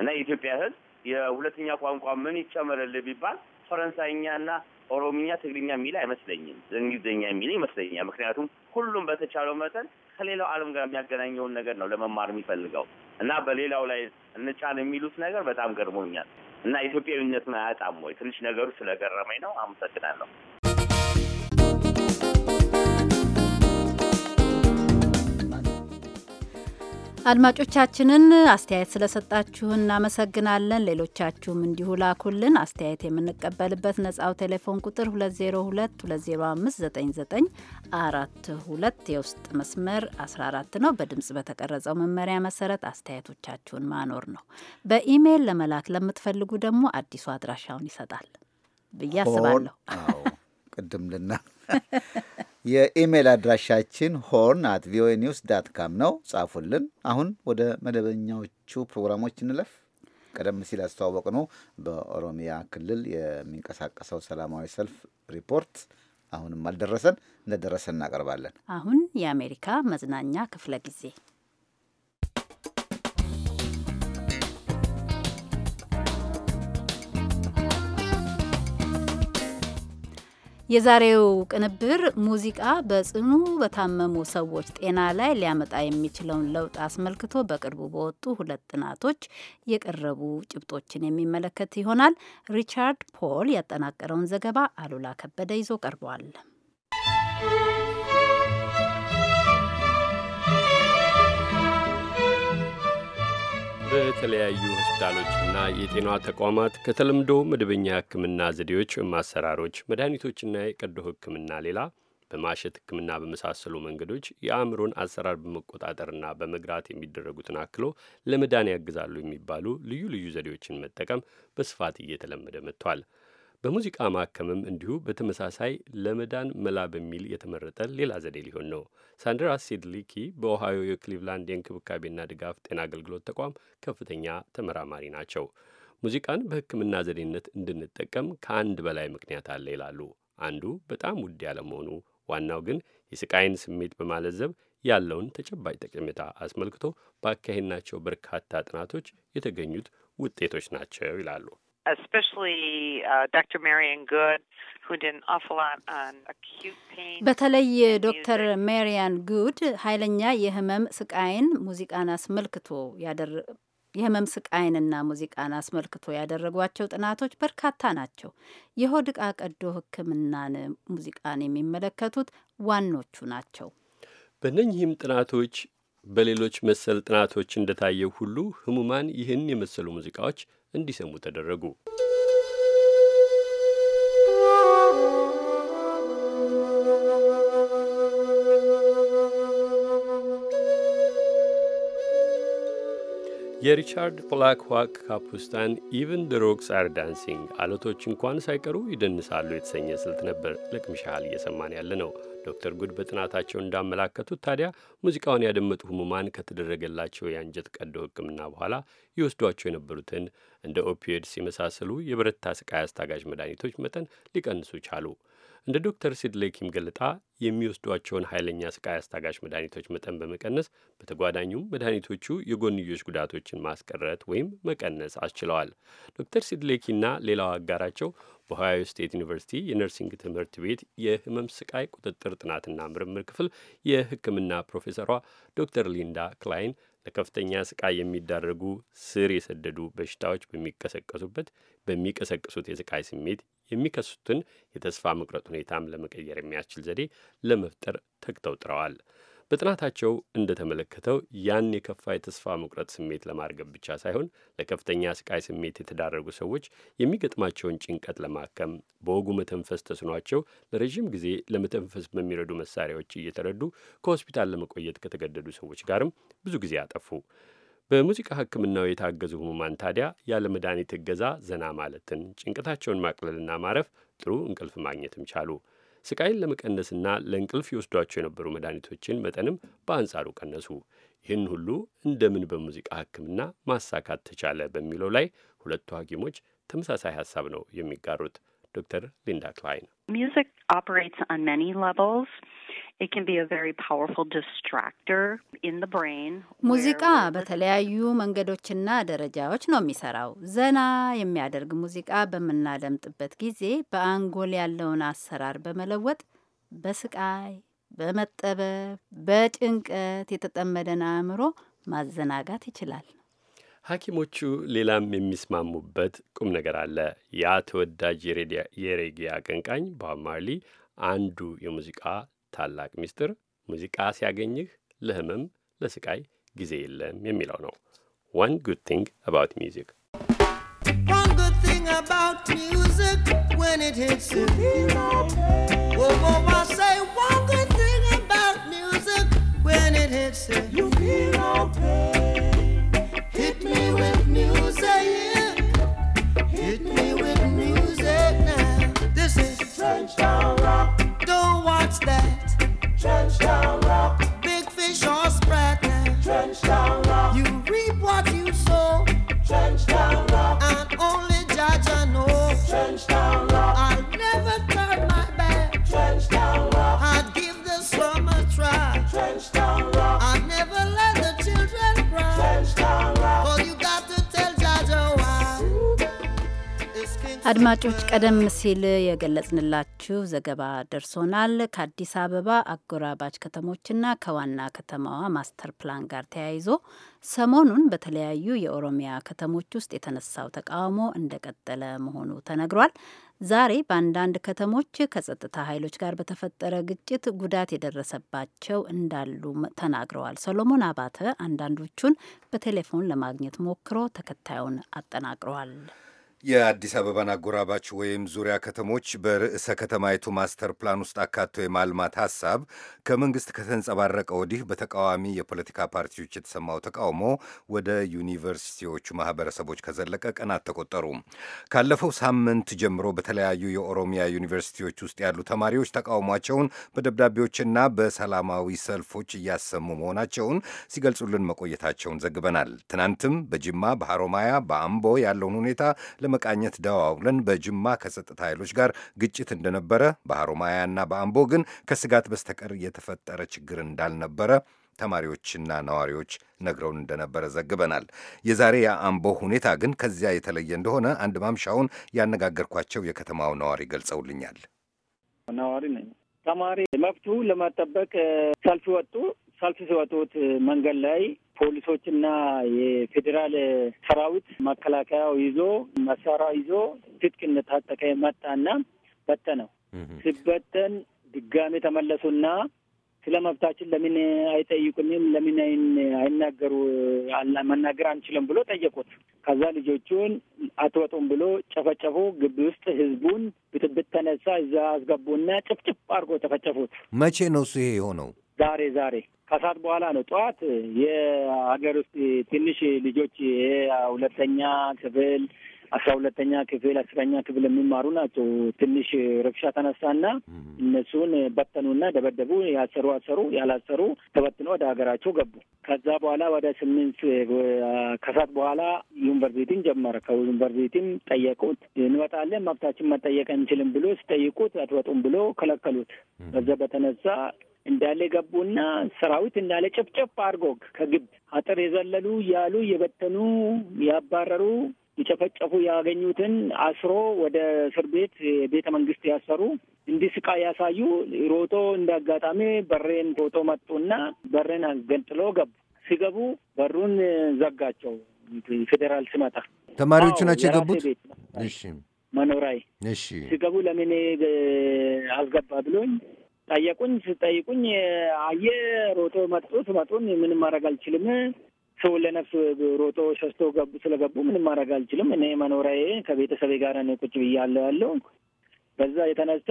[SPEAKER 10] እና የኢትዮጵያ ህዝብ የሁለተኛ ቋንቋ ምን ይጨመረል ቢባል ፈረንሳይኛና ኦሮምኛ፣ ትግርኛ የሚል አይመስለኝም። እንግሊዝኛ የሚል ይመስለኛል። ምክንያቱም ሁሉም በተቻለው መጠን ከሌላው አለም ጋር የሚያገናኘውን ነገር ነው ለመማር የሚፈልገው እና በሌላው ላይ እንጫን የሚሉት ነገር በጣም ገርሞኛል እና ኢትዮጵያዊነትን አያጣም ወይ? ትንሽ ነገሩ ስለገረመኝ ነው። አመሰግናለሁ።
[SPEAKER 2] አድማጮቻችንን አስተያየት ስለሰጣችሁ እናመሰግናለን። ሌሎቻችሁም እንዲሁ ላኩልን። አስተያየት የምንቀበልበት ነጻው ቴሌፎን ቁጥር 2022059942 የውስጥ መስመር 14 ነው። በድምጽ በተቀረጸው መመሪያ መሰረት አስተያየቶቻችሁን ማኖር ነው። በኢሜይል ለመላክ ለምትፈልጉ ደግሞ አዲሱ አድራሻውን ይሰጣል ብዬ አስባለሁ።
[SPEAKER 1] ቅድም ልናል የኢሜይል አድራሻችን ሆርን አት ቪኦኤ ኒውስ ዳት ካም ነው። ጻፉልን። አሁን ወደ መደበኛዎቹ ፕሮግራሞች እንለፍ። ቀደም ሲል አስተዋወቅ ነው በኦሮሚያ ክልል የሚንቀሳቀሰው ሰላማዊ ሰልፍ ሪፖርት አሁንም አልደረሰን፣ እንደደረሰን እናቀርባለን።
[SPEAKER 2] አሁን የአሜሪካ መዝናኛ ክፍለ ጊዜ የዛሬው ቅንብር ሙዚቃ በጽኑ በታመሙ ሰዎች ጤና ላይ ሊያመጣ የሚችለውን ለውጥ አስመልክቶ በቅርቡ በወጡ ሁለት ጥናቶች የቀረቡ ጭብጦችን የሚመለከት ይሆናል። ሪቻርድ ፖል ያጠናቀረውን ዘገባ አሉላ ከበደ ይዞ ቀርቧል።
[SPEAKER 11] በተለያዩ ሆስፒታሎችና የጤና ተቋማት ከተለምዶ መደበኛ ሕክምና ዘዴዎች ወይም አሰራሮች መድኃኒቶችና የቀዶ ሕክምና ሌላ በማሸት ሕክምና በመሳሰሉ መንገዶች የአእምሮን አሰራር በመቆጣጠርና በመግራት የሚደረጉትን አክሎ ለመዳን ያግዛሉ የሚባሉ ልዩ ልዩ ዘዴዎችን መጠቀም በስፋት እየተለመደ መጥቷል። በሙዚቃ ማከምም እንዲሁ በተመሳሳይ ለመዳን መላ በሚል የተመረጠ ሌላ ዘዴ ሊሆን ነው። ሳንድራ ሲድሊኪ በኦሃዮ የክሊቭላንድ የእንክብካቤና ድጋፍ ጤና አገልግሎት ተቋም ከፍተኛ ተመራማሪ ናቸው። ሙዚቃን በሕክምና ዘዴነት እንድንጠቀም ከአንድ በላይ ምክንያት አለ ይላሉ። አንዱ በጣም ውድ ያለመሆኑ፣ ዋናው ግን የስቃይን ስሜት በማለዘብ ያለውን ተጨባጭ ጠቀሜታ አስመልክቶ ባካሄድናቸው በርካታ ጥናቶች የተገኙት ውጤቶች ናቸው ይላሉ።
[SPEAKER 2] በተለይ ዶክተር ሜሪያን ጉድ ኃይለኛ የህመም ስቃይን ሙዚቃን አስመልክቶ የህመም ስቃይንና ሙዚቃን አስመልክቶ ያደረጓቸው ጥናቶች በርካታ ናቸው። የሆድ ዕቃ ቀዶ ሕክምናን ሙዚቃን የሚመለከቱት ዋኖቹ ናቸው።
[SPEAKER 11] በእነኚህም ጥናቶች በሌሎች መሰል ጥናቶች እንደታየው ሁሉ ህሙማን ይህን የመሰሉ ሙዚቃዎች እንዲሰሙ ተደረጉ። የሪቻርድ ፕላክ ዋክ ካፑስታን ኢቭን ደ ሮክስ አር ዳንሲንግ አለቶች እንኳን ሳይቀሩ ይደንሳሉ የተሰኘ ስልት ነበር ለቅምሻህል እየሰማን ያለ ነው። ዶክተር ጉድ በጥናታቸው እንዳመላከቱት ታዲያ ሙዚቃውን ያደመጡ ህሙማን ከተደረገላቸው የአንጀት ቀዶ ሕክምና በኋላ ይወስዷቸው የነበሩትን እንደ ኦፒዮድስ የመሳሰሉ የበረታ ስቃይ አስታጋጅ መድኃኒቶች መጠን ሊቀንሱ ቻሉ። እንደ ዶክተር ሲድሌ ኪም ገለጣ የሚወስዷቸውን ኃይለኛ ስቃይ አስታጋሽ መድኃኒቶች መጠን በመቀነስ በተጓዳኙም መድኃኒቶቹ የጎንዮሽ ጉዳቶችን ማስቀረት ወይም መቀነስ አስችለዋል። ዶክተር ሲድሌኪና ሌላው አጋራቸው በኦሃዮ ስቴት ዩኒቨርሲቲ የነርሲንግ ትምህርት ቤት የህመም ስቃይ ቁጥጥር ጥናትና ምርምር ክፍል የሕክምና ፕሮፌሰሯ ዶክተር ሊንዳ ክላይን ለከፍተኛ ስቃይ የሚዳረጉ ስር የሰደዱ በሽታዎች በሚቀሰቀሱበት በሚቀሰቅሱት የስቃይ ስሜት የሚከሱትን የተስፋ መቁረጥ ሁኔታም ለመቀየር የሚያስችል ዘዴ ለመፍጠር ተግተው ጥረዋል። በጥናታቸው እንደተመለከተው ያን የከፋ የተስፋ መቁረጥ ስሜት ለማርገብ ብቻ ሳይሆን ለከፍተኛ ስቃይ ስሜት የተዳረጉ ሰዎች የሚገጥማቸውን ጭንቀት ለማከም በወጉ መተንፈስ ተስኗቸው ለረዥም ጊዜ ለመተንፈስ በሚረዱ መሳሪያዎች እየተረዱ ከሆስፒታል ለመቆየት ከተገደዱ ሰዎች ጋርም ብዙ ጊዜ አጠፉ። በሙዚቃ ሕክምናው የታገዙ ህሙማን ታዲያ ያለ መድኃኒት እገዛ ዘና ማለትን፣ ጭንቀታቸውን ማቅለልና ማረፍ፣ ጥሩ እንቅልፍ ማግኘትም ቻሉ። ስቃይን ለመቀነስና ለእንቅልፍ ይወስዷቸው የነበሩ መድኃኒቶችን መጠንም በአንጻሩ ቀነሱ። ይህን ሁሉ እንደምን በሙዚቃ ሕክምና ማሳካት ተቻለ በሚለው ላይ ሁለቱ ሐኪሞች ተመሳሳይ ሀሳብ ነው የሚጋሩት። ዶክተር ሊንዳ ክላይን
[SPEAKER 2] ሙዚቃ በተለያዩ መንገዶችና ደረጃዎች ነው የሚሰራው። ዘና የሚያደርግ ሙዚቃ በምናደምጥበት ጊዜ በአንጎል ያለውን አሰራር በመለወጥ በስቃይ፣ በመጠበብ፣ በጭንቀት የተጠመደን አእምሮ ማዘናጋት ይችላል።
[SPEAKER 11] ሐኪሞቹ ሌላም የሚስማሙበት ቁም ነገር አለ። ያ ተወዳጅ የሬጌ አቀንቃኝ ቦብ ማርሊ አንዱ የሙዚቃ ታላቅ ሚስጥር ሙዚቃ ሲያገኝህ ለህመም ለስቃይ ጊዜ የለም የሚለው ነው። ዋን ጉድ ቲንግ አባውት ሚዚክ Say one good
[SPEAKER 3] thing about music when it hits it, you
[SPEAKER 2] አድማጮች ቀደም ሲል የገለጽንላችሁ ዘገባ ደርሶናል። ከአዲስ አበባ አጎራባች ከተሞችና ከዋና ከተማዋ ማስተር ፕላን ጋር ተያይዞ ሰሞኑን በተለያዩ የኦሮሚያ ከተሞች ውስጥ የተነሳው ተቃውሞ እንደቀጠለ መሆኑ ተነግሯል። ዛሬ በአንዳንድ ከተሞች ከጸጥታ ኃይሎች ጋር በተፈጠረ ግጭት ጉዳት የደረሰባቸው እንዳሉ ተናግረዋል። ሰሎሞን አባተ አንዳንዶቹን በቴሌፎን ለማግኘት ሞክሮ ተከታዩን አጠናቅረዋል።
[SPEAKER 12] የአዲስ አበባን አጎራባች ወይም ዙሪያ ከተሞች በርዕሰ ከተማይቱ ማስተር ፕላን ውስጥ አካቶ የማልማት ሀሳብ ከመንግስት ከተንጸባረቀ ወዲህ በተቃዋሚ የፖለቲካ ፓርቲዎች የተሰማው ተቃውሞ ወደ ዩኒቨርሲቲዎቹ ማህበረሰቦች ከዘለቀ ቀናት ተቆጠሩ። ካለፈው ሳምንት ጀምሮ በተለያዩ የኦሮሚያ ዩኒቨርሲቲዎች ውስጥ ያሉ ተማሪዎች ተቃውሟቸውን በደብዳቤዎችና በሰላማዊ ሰልፎች እያሰሙ መሆናቸውን ሲገልጹልን መቆየታቸውን ዘግበናል። ትናንትም በጅማ፣ በሐሮማያ፣ በአምቦ ያለውን ሁኔታ ለመቃኘት ደዋውለን በጅማ ከጸጥታ ኃይሎች ጋር ግጭት እንደነበረ፣ በሐሮማያና በአምቦ ግን ከስጋት በስተቀር የተፈጠረ ችግር እንዳልነበረ ተማሪዎችና ነዋሪዎች ነግረውን እንደነበረ ዘግበናል። የዛሬ የአምቦ ሁኔታ ግን ከዚያ የተለየ እንደሆነ አንድ ማምሻውን ያነጋገርኳቸው የከተማው ነዋሪ ገልጸውልኛል።
[SPEAKER 9] ነዋሪ ነኝ። ተማሪ መብቱ ለመጠበቅ ሰልፍ ወጡ። አስፋልት ሲወጡት መንገድ ላይ ፖሊሶችና የፌዴራል ሰራዊት መከላከያው ይዞ መሳሪያ ይዞ ትጥቅ እንደታጠቀ መጣና በተነው። ሲበተን ድጋሜ ተመለሱና ስለ መብታችን ለምን አይጠይቁንም? ለምን አይናገሩ? መናገር አንችልም ብሎ ጠየቁት። ከዛ ልጆቹን አትወጡም ብሎ ጨፈጨፉ። ግቢ ውስጥ ህዝቡን ብጥብጥ ተነሳ። እዛ አስገቡና ጭፍጭፍ አድርጎ ጨፈጨፉት።
[SPEAKER 12] መቼ ነው እሱ ይሄ የሆነው?
[SPEAKER 9] ዛሬ ዛሬ ከሰዓት በኋላ ነው። ጠዋት የሀገር ውስጥ ትንሽ ልጆች ሁለተኛ ክፍል አስራ ሁለተኛ ክፍል አስረኛ ክፍል የሚማሩ ናቸው። ትንሽ ረብሻ ተነሳና እነሱን በተኑና ደበደቡ። ያሰሩ አሰሩ፣ ያላሰሩ ተበትኖ ወደ ሀገራቸው ገቡ። ከዛ በኋላ ወደ ስምንት ከሰዓት በኋላ ዩኒቨርሲቲን ጀመረ። ከዩኒቨርሲቲም ጠየቁት። እንወጣለን መብታችን መጠየቅ እንችልም ብሎ ሲጠይቁት አትወጡም ብሎ ከለከሉት። በዛ በተነሳ እንዳለ ገቡና ሰራዊት እንዳለ ጨፍጨፍ አድርጎ ከግብ አጥር የዘለሉ ያሉ የበተኑ ያባረሩ ይጨፈጨፉ ያገኙትን አስሮ ወደ እስር ቤት ቤተ መንግስት ያሰሩ እንዲህ ስቃይ ያሳዩ ሮጦ እንደ አጋጣሚ በሬን ሮጦ መጡና በሬን አንገንጥሎ ገቡ። ሲገቡ በሩን ዘጋቸው። ፌዴራል ስመጣ
[SPEAKER 3] ተማሪዎቹ ናቸው የገቡት። እሺ መኖራይ እሺ
[SPEAKER 9] ሲገቡ ለምን አስገባ ብሎኝ ጠየቁኝ። ስጠይቁኝ አየ ሮጦ መጡት መጡን ምንም ማድረግ አልችልም ሰው ለነፍስ ሮጦ ሸሽቶ ገቡ ስለገቡ ምንም ማድረግ አልችልም። እኔ መኖሪያዬ ከቤተሰቤ ጋር ነው ቁጭ ብያለሁ ያለው። በዛ የተነሳ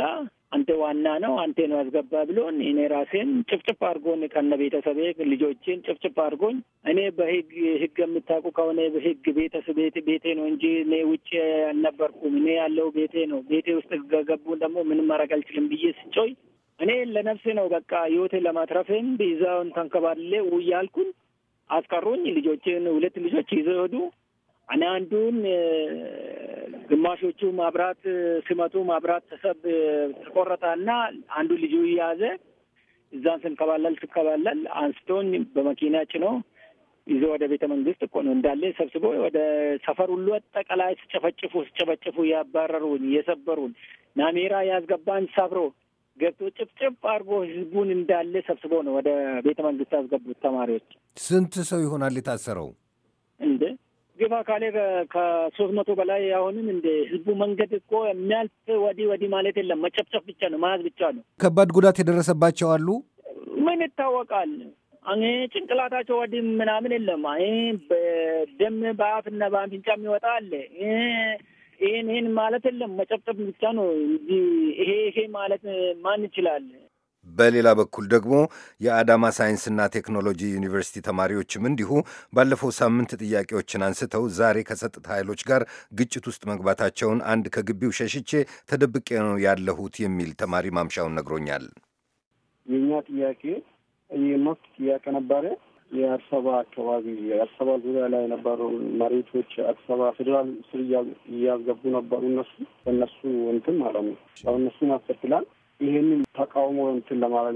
[SPEAKER 9] አንተ ዋና ነው አንተ ነው ያስገባ ብሎን እኔ ራሴን ጭፍጭፍ አድርጎን ከነ ቤተሰቤ ልጆቼን ጭፍጭፍ አድርጎኝ እኔ በህግ ህግ የምታውቁ ከሆነ በህግ ቤተሰብ ቤቴ ነው እንጂ እኔ ውጭ አልነበርኩም። እኔ ያለው ቤቴ ነው። ቤቴ ውስጥ ገቡ ደግሞ ምንም ማድረግ አልችልም ብዬ ስጮይ እኔ ለነፍሴ ነው በቃ ህይወቴን ለማትረፌም ቢዛውን ተንከባልሌ ውያልኩን አስቀሩኝ። ልጆችን ሁለት ልጆች ይዘው ሄዱ። እኔ አንዱን ግማሾቹ ማብራት ሲመቱ ማብራት ተሰብ ተቆረጠና አንዱ ልጁ ያዘ እዛን ስንከባለል ስንከባለል አንስቶኝ በመኪና ጭኖ ይዞ ወደ ቤተ መንግስት እኮ ነው እንዳለ ሰብስቦ ወደ ሰፈር ሁሉ አጠቃላይ ስጨፈጭፉ ስጨፈጭፉ ያባረሩኝ የሰበሩን ናሜራ ያስገባኝ ሰብሮ ገብቶ ጭፍጭፍ አድርጎ ህዝቡን እንዳለ ሰብስቦ ነው ወደ ቤተ መንግስት ያስገቡት ተማሪዎች።
[SPEAKER 12] ስንት ሰው ይሆናል የታሰረው?
[SPEAKER 9] እንደ ግፋ ካሌ ከሶስት መቶ በላይ አሁንም እንደ ህዝቡ መንገድ እኮ የሚያልፍ ወዲህ ወዲህ ማለት የለም መጨፍጨፍ ብቻ ነው መያዝ ብቻ ነው።
[SPEAKER 12] ከባድ ጉዳት የደረሰባቸው አሉ።
[SPEAKER 9] ምን ይታወቃል? እኔ ጭንቅላታቸው ወዲህ ምናምን የለም። ይህ ደም በአፍና በአፍንጫ የሚወጣ አለ ይሄን ይሄን ማለት የለም መጨብጠብ ብቻ ነው እንጂ ይሄ ይሄ ማለት ማን ይችላል?
[SPEAKER 12] በሌላ በኩል ደግሞ የአዳማ ሳይንስና ቴክኖሎጂ ዩኒቨርሲቲ ተማሪዎችም እንዲሁ ባለፈው ሳምንት ጥያቄዎችን አንስተው ዛሬ ከጸጥታ ኃይሎች ጋር ግጭት ውስጥ መግባታቸውን አንድ ከግቢው ሸሽቼ ተደብቄ ነው ያለሁት የሚል ተማሪ ማምሻውን ነግሮኛል።
[SPEAKER 6] የእኛ ጥያቄ የመብት ጥያቄ ነበረ። የአዲስ አበባ አካባቢ የአዲስ አበባ ዙሪያ ላይ የነበሩ መሬቶች አዲስ አበባ ፌዴራል ስር እያስገቡ ነበሩ። እነሱ በእነሱ እንትን ማለት ነው። እነሱን አስር ይህንን ተቃውሞ እንትን ለማለት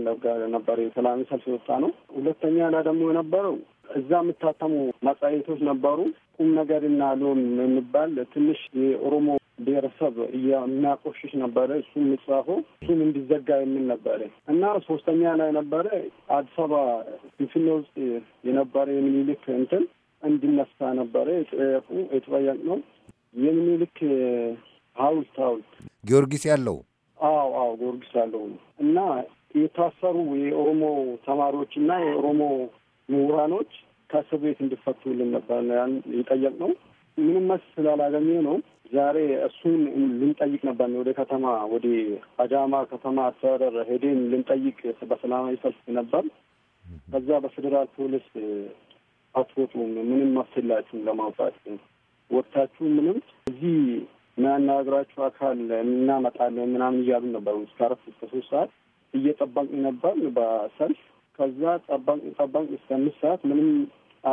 [SPEAKER 6] ነበር የሰላማዊ ሰልፍ ወጣ ነው። ሁለተኛ ላይ ደግሞ የነበረው እዛ የምታተሙ መጽሔቶች ነበሩ። ቁም ነገርና ሎን የሚባል ትንሽ የኦሮሞ ብሔረሰብ የሚያቆሽሽ ነበረ። እሱ የሚጻፈው እሱም እንዲዘጋ የሚል ነበረ እና ሶስተኛ ላይ ነበረ አዲስ አበባ ግፍነ ውስጥ የነበረ የሚኒልክ እንትን እንዲነሳ ነበረ የጠየቁ የተጠየቅ ነው የሚኒልክ ሐውልት ሐውልት
[SPEAKER 12] ጊዮርጊስ ያለው
[SPEAKER 6] አዎ አዎ ጊዮርጊስ ያለው እና የታሰሩ የኦሮሞ ተማሪዎች እና የኦሮሞ ምሁራኖች ከእስር ቤት እንዲፈቱልን ነበር የጠየቅ ነው። ምንም መስ ስላላገኘ ነው ዛሬ እሱን ልንጠይቅ ነበር። ወደ ከተማ ወደ አዳማ ከተማ አስተዳደር ሄደን ልንጠይቅ በሰላማዊ ሰልፍ ነበር። ከዛ በፌዴራል ፖሊስ አትወጡም፣ ምንም አስላችሁም ለማውጣት ወጥታችሁ ምንም እዚህ የሚያናግራችሁ አካል እናመጣለን ምናምን እያሉ ነበር። እስከ አራት እስከ ሶስት ሰዓት እየጠበቅን ነበር በሰልፍ ከዛ ጠበቅን ጠበቅን እስከ አምስት ሰዓት ምንም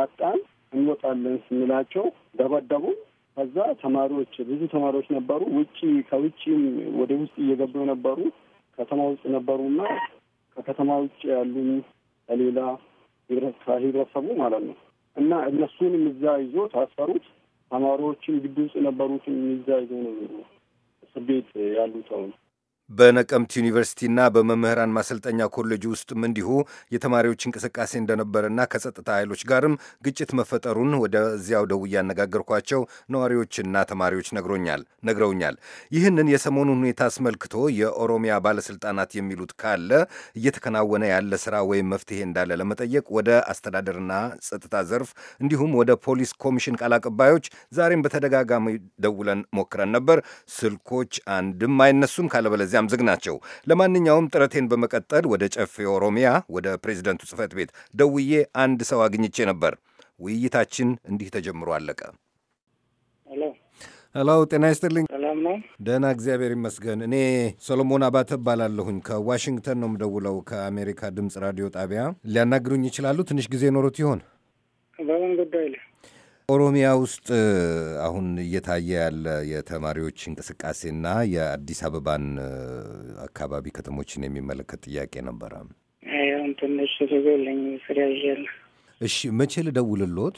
[SPEAKER 6] አጣን። እንወጣለን ስንላቸው ደበደቡ። ከዛ ተማሪዎች ብዙ ተማሪዎች ነበሩ። ውጭ ከውጭም ወደ ውስጥ እየገቡ የነበሩ ከተማ ውስጥ ነበሩ እና ከከተማ ውጭ ያሉን ከሌላ ህብረተሰቡ ማለት ነው እና እነሱንም እዛ ይዞ ታሰሩት። ተማሪዎችን ግቢ ውስጥ ነበሩትን እዛ ይዞ ነው እስር ቤት ያሉት አሁን
[SPEAKER 12] በነቀምት ዩኒቨርሲቲና በመምህራን ማሰልጠኛ ኮሌጅ ውስጥም እንዲሁ የተማሪዎች እንቅስቃሴ እንደነበረና ከጸጥታ ኃይሎች ጋርም ግጭት መፈጠሩን ወደዚያው ደውዬ ያነጋገርኳቸው ነዋሪዎችና ተማሪዎች ነግሮኛል ነግረውኛል። ይህንን የሰሞኑን ሁኔታ አስመልክቶ የኦሮሚያ ባለስልጣናት የሚሉት ካለ እየተከናወነ ያለ ስራ ወይም መፍትሄ እንዳለ ለመጠየቅ ወደ አስተዳደርና ጸጥታ ዘርፍ እንዲሁም ወደ ፖሊስ ኮሚሽን ቃል አቀባዮች ዛሬም በተደጋጋሚ ደውለን ሞክረን ነበር። ስልኮች አንድም አይነሱም ካለበለዚያ እስከዚያም ዝግ ናቸው። ለማንኛውም ጥረቴን በመቀጠል ወደ ጨፌ ኦሮሚያ ወደ ፕሬዚደንቱ ጽህፈት ቤት ደውዬ አንድ ሰው አግኝቼ ነበር። ውይይታችን እንዲህ ተጀምሮ አለቀ። ሄሎ፣ ጤና ይስጥልኝ። ሰላም ነው? ደህና እግዚአብሔር ይመስገን። እኔ ሰሎሞን አባተ እባላለሁኝ። ከዋሽንግተን ነው የምደውለው፣ ከአሜሪካ ድምፅ ራዲዮ ጣቢያ። ሊያናግሩኝ ይችላሉ? ትንሽ ጊዜ ኖሮት ይሆን? በምን ጉዳይ ላይ? ኦሮሚያ ውስጥ አሁን እየታየ ያለ የተማሪዎች እንቅስቃሴና የአዲስ አበባን አካባቢ ከተሞችን የሚመለከት ጥያቄ ነበረ። አሁን ትንሽ እሺ፣ መቼ ልደውልሎት?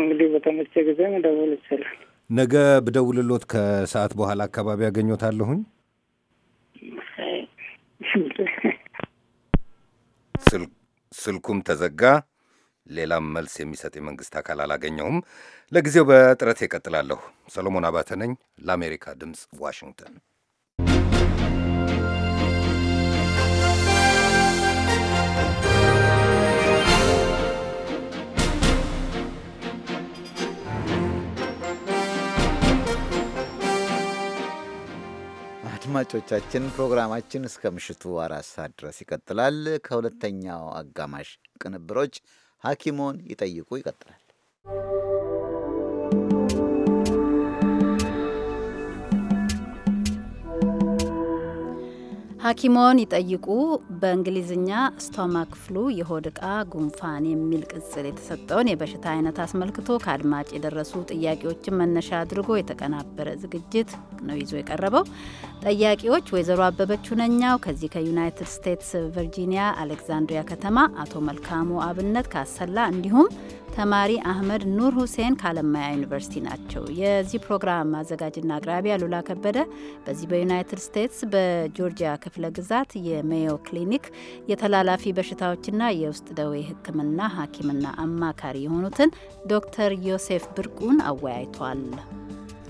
[SPEAKER 9] እንግዲህ በተመቸ ጊዜ መደውል ይችላል።
[SPEAKER 12] ነገ ብደውልሎት ከሰዓት በኋላ አካባቢ ያገኘታለሁኝ። ስልኩም ተዘጋ። ሌላም መልስ የሚሰጥ የመንግስት አካል አላገኘሁም። ለጊዜው በጥረት ይቀጥላለሁ። ሰሎሞን አባተ ነኝ ለአሜሪካ ድምፅ ዋሽንግተን።
[SPEAKER 1] አድማጮቻችን ፕሮግራማችን እስከ ምሽቱ አራት ሰዓት ድረስ ይቀጥላል። ከሁለተኛው አጋማሽ ቅንብሮች ሐኪሞን ይጠይቁ ይቀጥላል።
[SPEAKER 2] ሐኪሞን ይጠይቁ በእንግሊዝኛ ስቶማክ ፍሉ የሆድ ዕቃ ጉንፋን የሚል ቅጽል የተሰጠውን የበሽታ አይነት አስመልክቶ ከአድማጭ የደረሱ ጥያቄዎችን መነሻ አድርጎ የተቀናበረ ዝግጅት ነው ይዞ የቀረበው። ጠያቂዎች ወይዘሮ አበበች ሁነኛው ከዚህ ከዩናይትድ ስቴትስ ቨርጂኒያ አሌክዛንድሪያ ከተማ፣ አቶ መልካሙ አብነት ካሰላ እንዲሁም ተማሪ አህመድ ኑር ሁሴን ካለማያ ዩኒቨርሲቲ ናቸው። የዚህ ፕሮግራም አዘጋጅና አቅራቢ አሉላ ከበደ በዚህ በዩናይትድ ስቴትስ በጆርጂያ ክፍለ ግዛት የሜዮ ክሊኒክ የተላላፊ በሽታዎችና የውስጥ ደዌ ሕክምና ሐኪምና አማካሪ የሆኑትን ዶክተር ዮሴፍ ብርቁን አወያይቷል።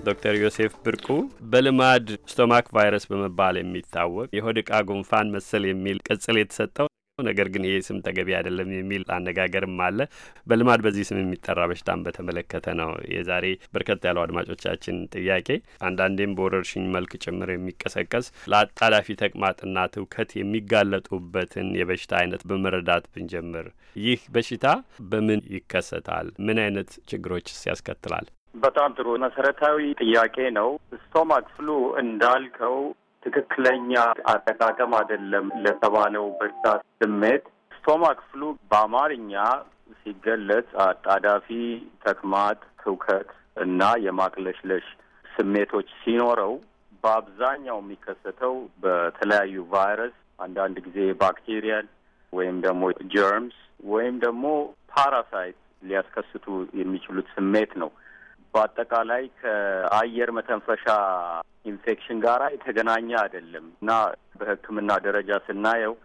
[SPEAKER 11] ዶክተር ዮሴፍ ብርቁ በልማድ ስቶማክ ቫይረስ በመባል የሚታወቅ የሆድ ዕቃ ጉንፋን መሰል የሚል ቅጽል የተሰጠው ነገር ግን ይህ ስም ተገቢ አይደለም የሚል አነጋገርም አለ። በልማድ በዚህ ስም የሚጠራ በሽታን በተመለከተ ነው የዛሬ በርከት ያለው አድማጮቻችን ጥያቄ። አንዳንዴም በወረርሽኝ መልክ ጭምር የሚቀሰቀስ ለአጣዳፊ ተቅማጥና ትውከት የሚጋለጡበትን የበሽታ አይነት በመረዳት ብንጀምር፣ ይህ በሽታ በምን ይከሰታል? ምን አይነት ችግሮችስ ያስከትላል?
[SPEAKER 13] በጣም ጥሩ መሰረታዊ ጥያቄ ነው። ስቶማክ ፍሉ እንዳልከው ትክክለኛ አጠቃቀም አይደለም ለተባለው በርሳት ስሜት ስቶማክ ፍሉ በአማርኛ ሲገለጽ አጣዳፊ ተቅማጥ፣ ትውከት እና የማቅለሽለሽ ስሜቶች ሲኖረው በአብዛኛው የሚከሰተው በተለያዩ ቫይረስ፣ አንዳንድ ጊዜ ባክቴሪያል ወይም ደግሞ ጀርምስ ወይም ደግሞ ፓራሳይት ሊያስከስቱ የሚችሉት ስሜት ነው። በአጠቃላይ ከአየር መተንፈሻ ኢንፌክሽን ጋር የተገናኘ አይደለም እና በሕክምና ደረጃ ስናየው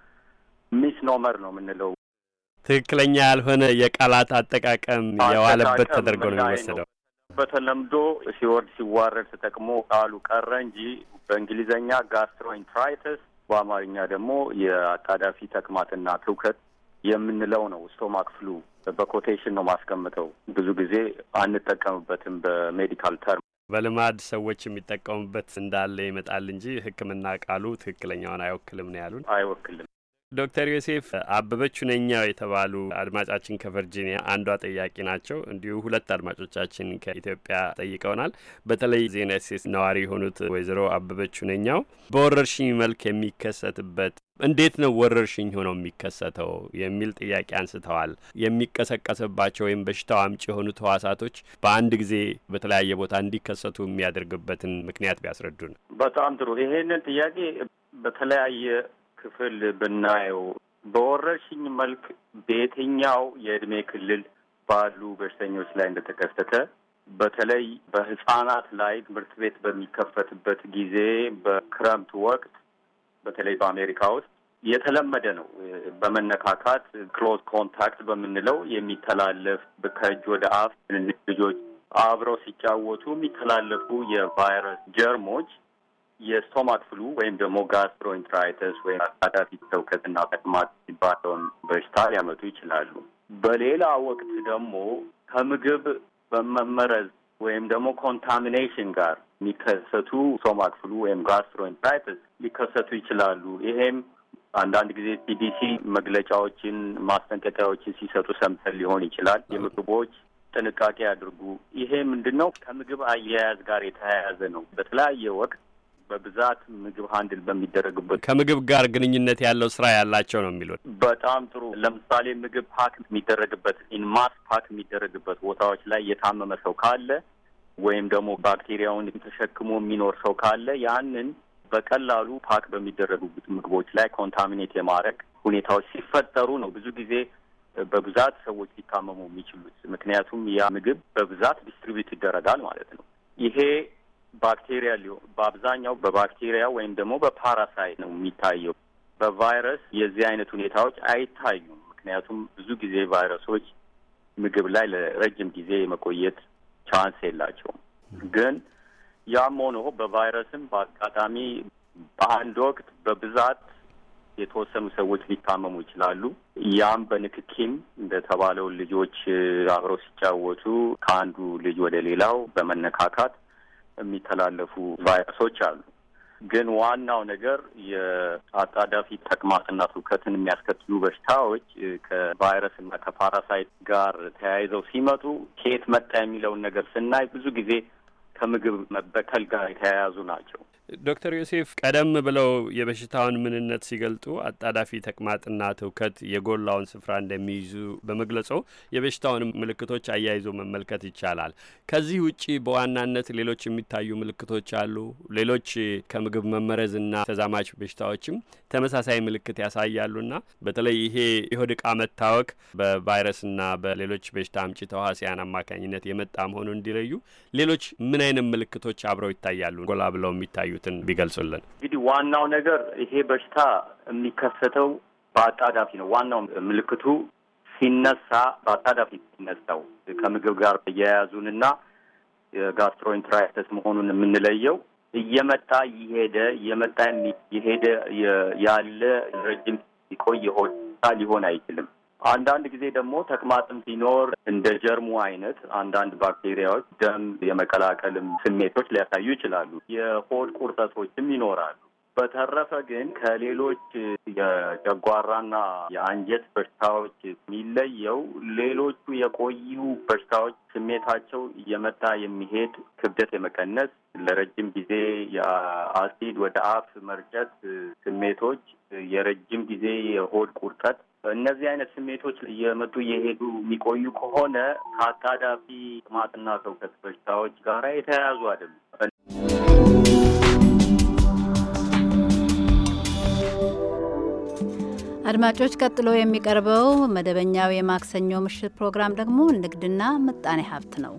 [SPEAKER 13] ሚስ ኖመር ነው የምንለው።
[SPEAKER 11] ትክክለኛ ያልሆነ የቃላት አጠቃቀም የዋለበት ተደርጎ ነው የሚወሰደው።
[SPEAKER 13] በተለምዶ ሲወርድ ሲዋረድ ተጠቅሞ ቃሉ ቀረ እንጂ በእንግሊዘኛ ጋስትሮኢንትራይተስ በአማርኛ ደግሞ የአጣዳፊ ተቅማጥና ትውከት የምንለው ነው ስቶማክ ፍሉ በኮቴሽን ነው ማስቀምጠው። ብዙ ጊዜ አንጠቀምበትም በሜዲካል ተርም
[SPEAKER 11] በልማድ ሰዎች የሚጠቀሙበት እንዳለ ይመጣል እንጂ ሕክምና ቃሉ ትክክለኛውን አይወክልም ነው ያሉን። አይወክልም። ዶክተር ዮሴፍ አበበች ሁነኛው የተባሉ አድማጫችን ከቨርጂኒያ አንዷ ጠያቂ ናቸው። እንዲሁ ሁለት አድማጮቻችን ከኢትዮጵያ ጠይቀውናል። በተለይ ዩናይት ስቴትስ ነዋሪ የሆኑት ወይዘሮ አበበች ሁነኛው በወረርሽኝ መልክ የሚከሰትበት እንዴት ነው ወረርሽኝ ሆነው የሚከሰተው የሚል ጥያቄ አንስተዋል። የሚቀሰቀስባቸው ወይም በሽታው አምጪ የሆኑት ህዋሳቶች በአንድ ጊዜ በተለያየ ቦታ እንዲከሰቱ የሚያደርግበትን ምክንያት ቢያስረዱን
[SPEAKER 13] በጣም ጥሩ። ይሄንን ጥያቄ በተለያየ ክፍል ብናየው በወረርሽኝ መልክ በየትኛው የእድሜ ክልል ባሉ በሽተኞች ላይ እንደተከሰተ በተለይ በህጻናት ላይ ትምህርት ቤት በሚከፈትበት ጊዜ በክረምት ወቅት በተለይ በአሜሪካ ውስጥ የተለመደ ነው። በመነካካት ክሎዝ ኮንታክት በምንለው የሚተላለፍ ከእጅ ወደ አፍ ትንንሽ ልጆች አብረው ሲጫወቱ የሚተላለፉ የቫይረስ ጀርሞች የስቶማክ ፍሉ ወይም ደግሞ ጋስትሮኢንትራይተስ ወይም አጣዳፊ ትውከትና ተቅማጥ የሚባለውን በሽታ ሊያመጡ ይችላሉ። በሌላ ወቅት ደግሞ ከምግብ በመመረዝ ወይም ደግሞ ኮንታሚኔሽን ጋር የሚከሰቱ ስቶማክ ፍሉ ወይም ጋስትሮኢንትራይተስ ሊከሰቱ ይችላሉ። ይሄም አንዳንድ ጊዜ ሲዲሲ መግለጫዎችን፣ ማስጠንቀቂያዎችን ሲሰጡ ሰምተን ሊሆን ይችላል። የምግቦች ጥንቃቄ አድርጉ። ይሄ ምንድን ነው? ከምግብ አያያዝ ጋር የተያያዘ ነው። በተለያየ ወቅት በብዛት ምግብ ሀንድል በሚደረግበት
[SPEAKER 11] ከምግብ ጋር ግንኙነት ያለው ስራ ያላቸው ነው የሚሉት።
[SPEAKER 13] በጣም ጥሩ። ለምሳሌ ምግብ ፓክ የሚደረግበት ኢንማስ ፓክ የሚደረግበት ቦታዎች ላይ የታመመ ሰው ካለ ወይም ደግሞ ባክቴሪያውን ተሸክሞ የሚኖር ሰው ካለ ያንን በቀላሉ ፓክ በሚደረጉበት ምግቦች ላይ ኮንታሚኔት የማድረግ ሁኔታዎች ሲፈጠሩ ነው ብዙ ጊዜ በብዛት ሰዎች ሊታመሙ የሚችሉት። ምክንያቱም ያ ምግብ በብዛት ዲስትሪቢዩት ይደረጋል ማለት ነው። ይሄ ባክቴሪያ ሊሆን በአብዛኛው በባክቴሪያ ወይም ደግሞ በፓራሳይት ነው የሚታየው። በቫይረስ የዚህ አይነት ሁኔታዎች አይታዩም። ምክንያቱም ብዙ ጊዜ ቫይረሶች ምግብ ላይ ለረጅም ጊዜ የመቆየት ቻንስ የላቸውም። ግን ያም ሆኖ በቫይረስም በአጋጣሚ በአንድ ወቅት በብዛት የተወሰኑ ሰዎች ሊታመሙ ይችላሉ። ያም በንክኪም እንደተባለው ልጆች አብረው ሲጫወቱ ከአንዱ ልጅ ወደ ሌላው በመነካካት የሚተላለፉ ቫይረሶች አሉ። ግን ዋናው ነገር የአጣዳፊ ተቅማጥና ትውከትን የሚያስከትሉ በሽታዎች ከቫይረስና ከፓራሳይት ጋር ተያይዘው ሲመጡ ከየት መጣ የሚለውን ነገር ስናይ ብዙ ጊዜ ከምግብ መበከል ጋር የተያያዙ ናቸው።
[SPEAKER 11] ዶክተር ዮሴፍ ቀደም ብለው የበሽታውን ምንነት ሲገልጡ አጣዳፊ ተቅማጥና ትውከት የጎላውን ስፍራ እንደሚይዙ በመግለጾ የበሽታውን ምልክቶች አያይዞ መመልከት ይቻላል። ከዚህ ውጪ በዋናነት ሌሎች የሚታዩ ምልክቶች አሉ። ሌሎች ከምግብ መመረዝና ተዛማች በሽታዎችም ተመሳሳይ ምልክት ያሳያሉና በተለይ ይሄ የሆድ ዕቃ መታወክ በቫይረስና በሌሎች በሽታ አምጪ ተዋሲያን አማካኝነት የመጣ መሆኑን እንዲለዩ ሌሎች ምን አይነት ምልክቶች አብረው ይታያሉ? ጎላ ብለው የሚታዩ ያዩትን ቢገልጹልን።
[SPEAKER 13] እንግዲህ ዋናው ነገር ይሄ በሽታ የሚከሰተው በአጣዳፊ ነው። ዋናው ምልክቱ ሲነሳ በአጣዳፊ ሲነሳው ከምግብ ጋር እያያዙንና የጋስትሮኢንትራይተስ መሆኑን የምንለየው እየመጣ እየሄደ እየመጣ እየሄደ ያለ ረጅም ሲቆይ ሆታ ሊሆን አይችልም። አንዳንድ ጊዜ ደግሞ ተቅማጥም ሲኖር እንደ ጀርሙ አይነት አንዳንድ ባክቴሪያዎች ደም የመቀላቀልም ስሜቶች ሊያሳዩ ይችላሉ። የሆድ ቁርጠቶችም ይኖራሉ። በተረፈ ግን ከሌሎች የጨጓራና የአንጀት በሽታዎች የሚለየው ሌሎቹ የቆዩ በሽታዎች ስሜታቸው እየመጣ የሚሄድ ክብደት የመቀነስ፣ ለረጅም ጊዜ የአሲድ ወደ አፍ መርጨት ስሜቶች፣ የረጅም ጊዜ የሆድ ቁርጠት እነዚህ አይነት ስሜቶች እየመጡ እየሄዱ የሚቆዩ ከሆነ ከአጣዳፊ ጥማትና ትውከት በሽታዎች ጋር የተያያዙ አይደሉም።
[SPEAKER 2] አድማጮች፣ ቀጥሎ የሚቀርበው መደበኛው የማክሰኞ ምሽት ፕሮግራም ደግሞ ንግድና ምጣኔ ሀብት ነው።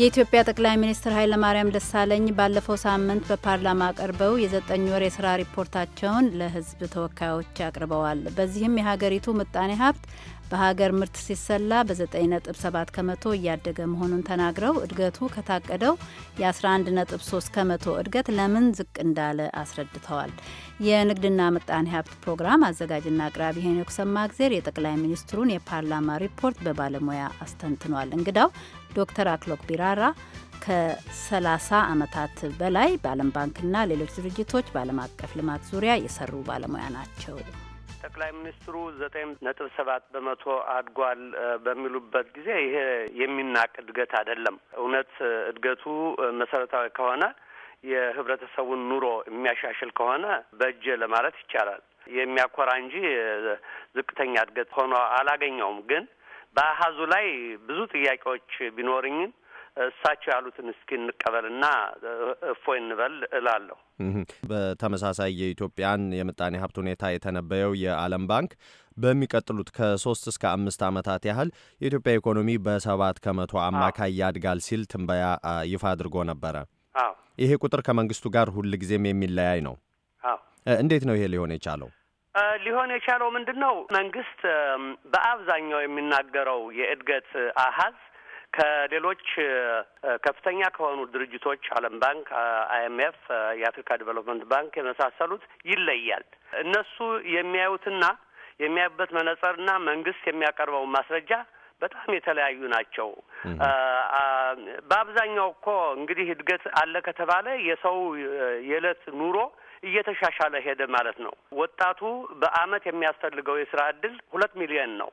[SPEAKER 2] የኢትዮጵያ ጠቅላይ ሚኒስትር ኃይለማርያም ደሳለኝ ባለፈው ሳምንት በፓርላማ ቀርበው የዘጠኝ ወር የስራ ሪፖርታቸውን ለሕዝብ ተወካዮች አቅርበዋል። በዚህም የሀገሪቱ ምጣኔ ሀብት በሀገር ምርት ሲሰላ በ9.7 ከመቶ እያደገ መሆኑን ተናግረው እድገቱ ከታቀደው የ11.3 ከመቶ እድገት ለምን ዝቅ እንዳለ አስረድተዋል። የንግድና ምጣኔ ሀብት ፕሮግራም አዘጋጅና አቅራቢ ሄኖክ ሰማእግዜር የጠቅላይ ሚኒስትሩን የፓርላማ ሪፖርት በባለሙያ አስተንትኗል። እንግዳው ዶክተር አክሎክ ቢራራ ከ30 ዓመታት በላይ በዓለም ባንክና ሌሎች ድርጅቶች በዓለም አቀፍ ልማት ዙሪያ የሰሩ ባለሙያ ናቸው።
[SPEAKER 14] ጠቅላይ ሚኒስትሩ ዘጠኝ ነጥብ ሰባት በመቶ አድጓል በሚሉበት ጊዜ ይሄ የሚናቅ እድገት አይደለም። እውነት እድገቱ መሰረታዊ ከሆነ የህብረተሰቡን ኑሮ የሚያሻሽል ከሆነ በእጄ ለማለት ይቻላል። የሚያኮራ እንጂ ዝቅተኛ እድገት ሆኖ አላገኘውም። ግን በአሀዙ ላይ ብዙ ጥያቄዎች ቢኖርኝም እሳቸው ያሉትን እስኪ እንቀበልና እፎይ እንበል እላለሁ።
[SPEAKER 7] በተመሳሳይ የኢትዮጵያን የምጣኔ ሀብት ሁኔታ የተነበየው የዓለም ባንክ በሚቀጥሉት ከሶስት እስከ አምስት ዓመታት ያህል የኢትዮጵያ ኢኮኖሚ በሰባት ከመቶ አማካይ ያድጋል ሲል ትንበያ ይፋ አድርጎ ነበረ። ይሄ ቁጥር ከመንግስቱ ጋር ሁልጊዜም የሚለያይ ነው። እንዴት ነው ይሄ ሊሆን የቻለው?
[SPEAKER 14] ሊሆን የቻለው ምንድን ነው? መንግስት በአብዛኛው የሚናገረው የእድገት አሀዝ ከሌሎች ከፍተኛ ከሆኑ ድርጅቶች ዓለም ባንክ፣ አይኤምኤፍ፣ የአፍሪካ ዲቨሎፕመንት ባንክ የመሳሰሉት ይለያል። እነሱ የሚያዩትና የሚያዩበት መነጽርና መንግስት የሚያቀርበው ማስረጃ በጣም የተለያዩ ናቸው። በአብዛኛው እኮ እንግዲህ እድገት አለ ከተባለ የሰው የዕለት ኑሮ እየተሻሻለ ሄደ ማለት ነው። ወጣቱ በአመት የሚያስፈልገው የስራ እድል ሁለት ሚሊዮን ነው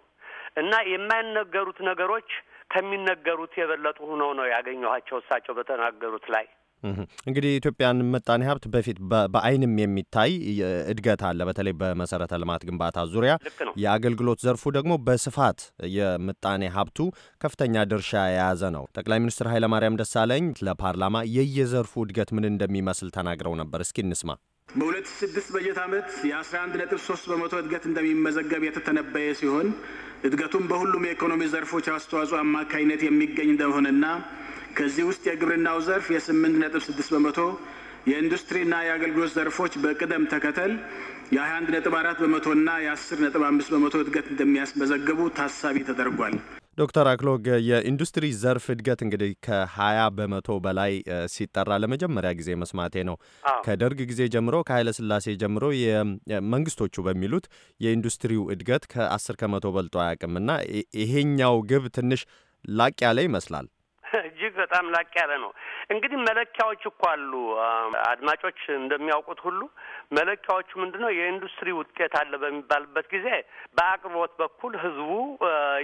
[SPEAKER 14] እና የማይነገሩት ነገሮች ከሚነገሩት የበለጡ ሆነው ነው ያገኘኋቸው እሳቸው በተናገሩት ላይ
[SPEAKER 7] እንግዲህ የኢትዮጵያን ምጣኔ ሀብት በፊት በአይንም የሚታይ እድገት አለ። በተለይ በመሰረተ ልማት ግንባታ ዙሪያ የአገልግሎት ዘርፉ ደግሞ በስፋት የምጣኔ ሀብቱ ከፍተኛ ድርሻ የያዘ ነው። ጠቅላይ ሚኒስትር ኃይለማርያም ደሳለኝ ለፓርላማ የየዘርፉ እድገት ምን እንደሚመስል ተናግረው ነበር። እስኪ እንስማ።
[SPEAKER 6] በ2006 በጀት ዓመት የ11.3 በመቶ እድገት እንደሚመዘገብ የተተነበየ ሲሆን እድገቱም በሁሉም የኢኮኖሚ ዘርፎች አስተዋጽኦ አማካኝነት የሚገኝ እንደሆነና ከዚህ ውስጥ የግብርናው ዘርፍ የ8.6 በመቶ፣ የኢንዱስትሪና የአገልግሎት ዘርፎች በቅደም ተከተል የ21.4 በመቶና የ10.5 በመቶ እድገት እንደሚያስመዘግቡ ታሳቢ ተደርጓል።
[SPEAKER 7] ዶክተር አክሎግ የኢንዱስትሪ ዘርፍ እድገት እንግዲህ ከሀያ በመቶ በላይ ሲጠራ ለመጀመሪያ ጊዜ መስማቴ ነው። ከደርግ ጊዜ ጀምሮ ከኃይለ ስላሴ ጀምሮ መንግስቶቹ በሚሉት የኢንዱስትሪው እድገት ከአስር ከመቶ በልጦ አያውቅምና ይሄኛው ግብ ትንሽ ላቅ ያለ ይመስላል።
[SPEAKER 14] በጣም ላቅ ያለ ነው። እንግዲህ መለኪያዎች እኮ አሉ። አድማጮች እንደሚያውቁት ሁሉ መለኪያዎቹ ምንድን ነው? የኢንዱስትሪ ውጤት አለ በሚባልበት ጊዜ በአቅርቦት በኩል ህዝቡ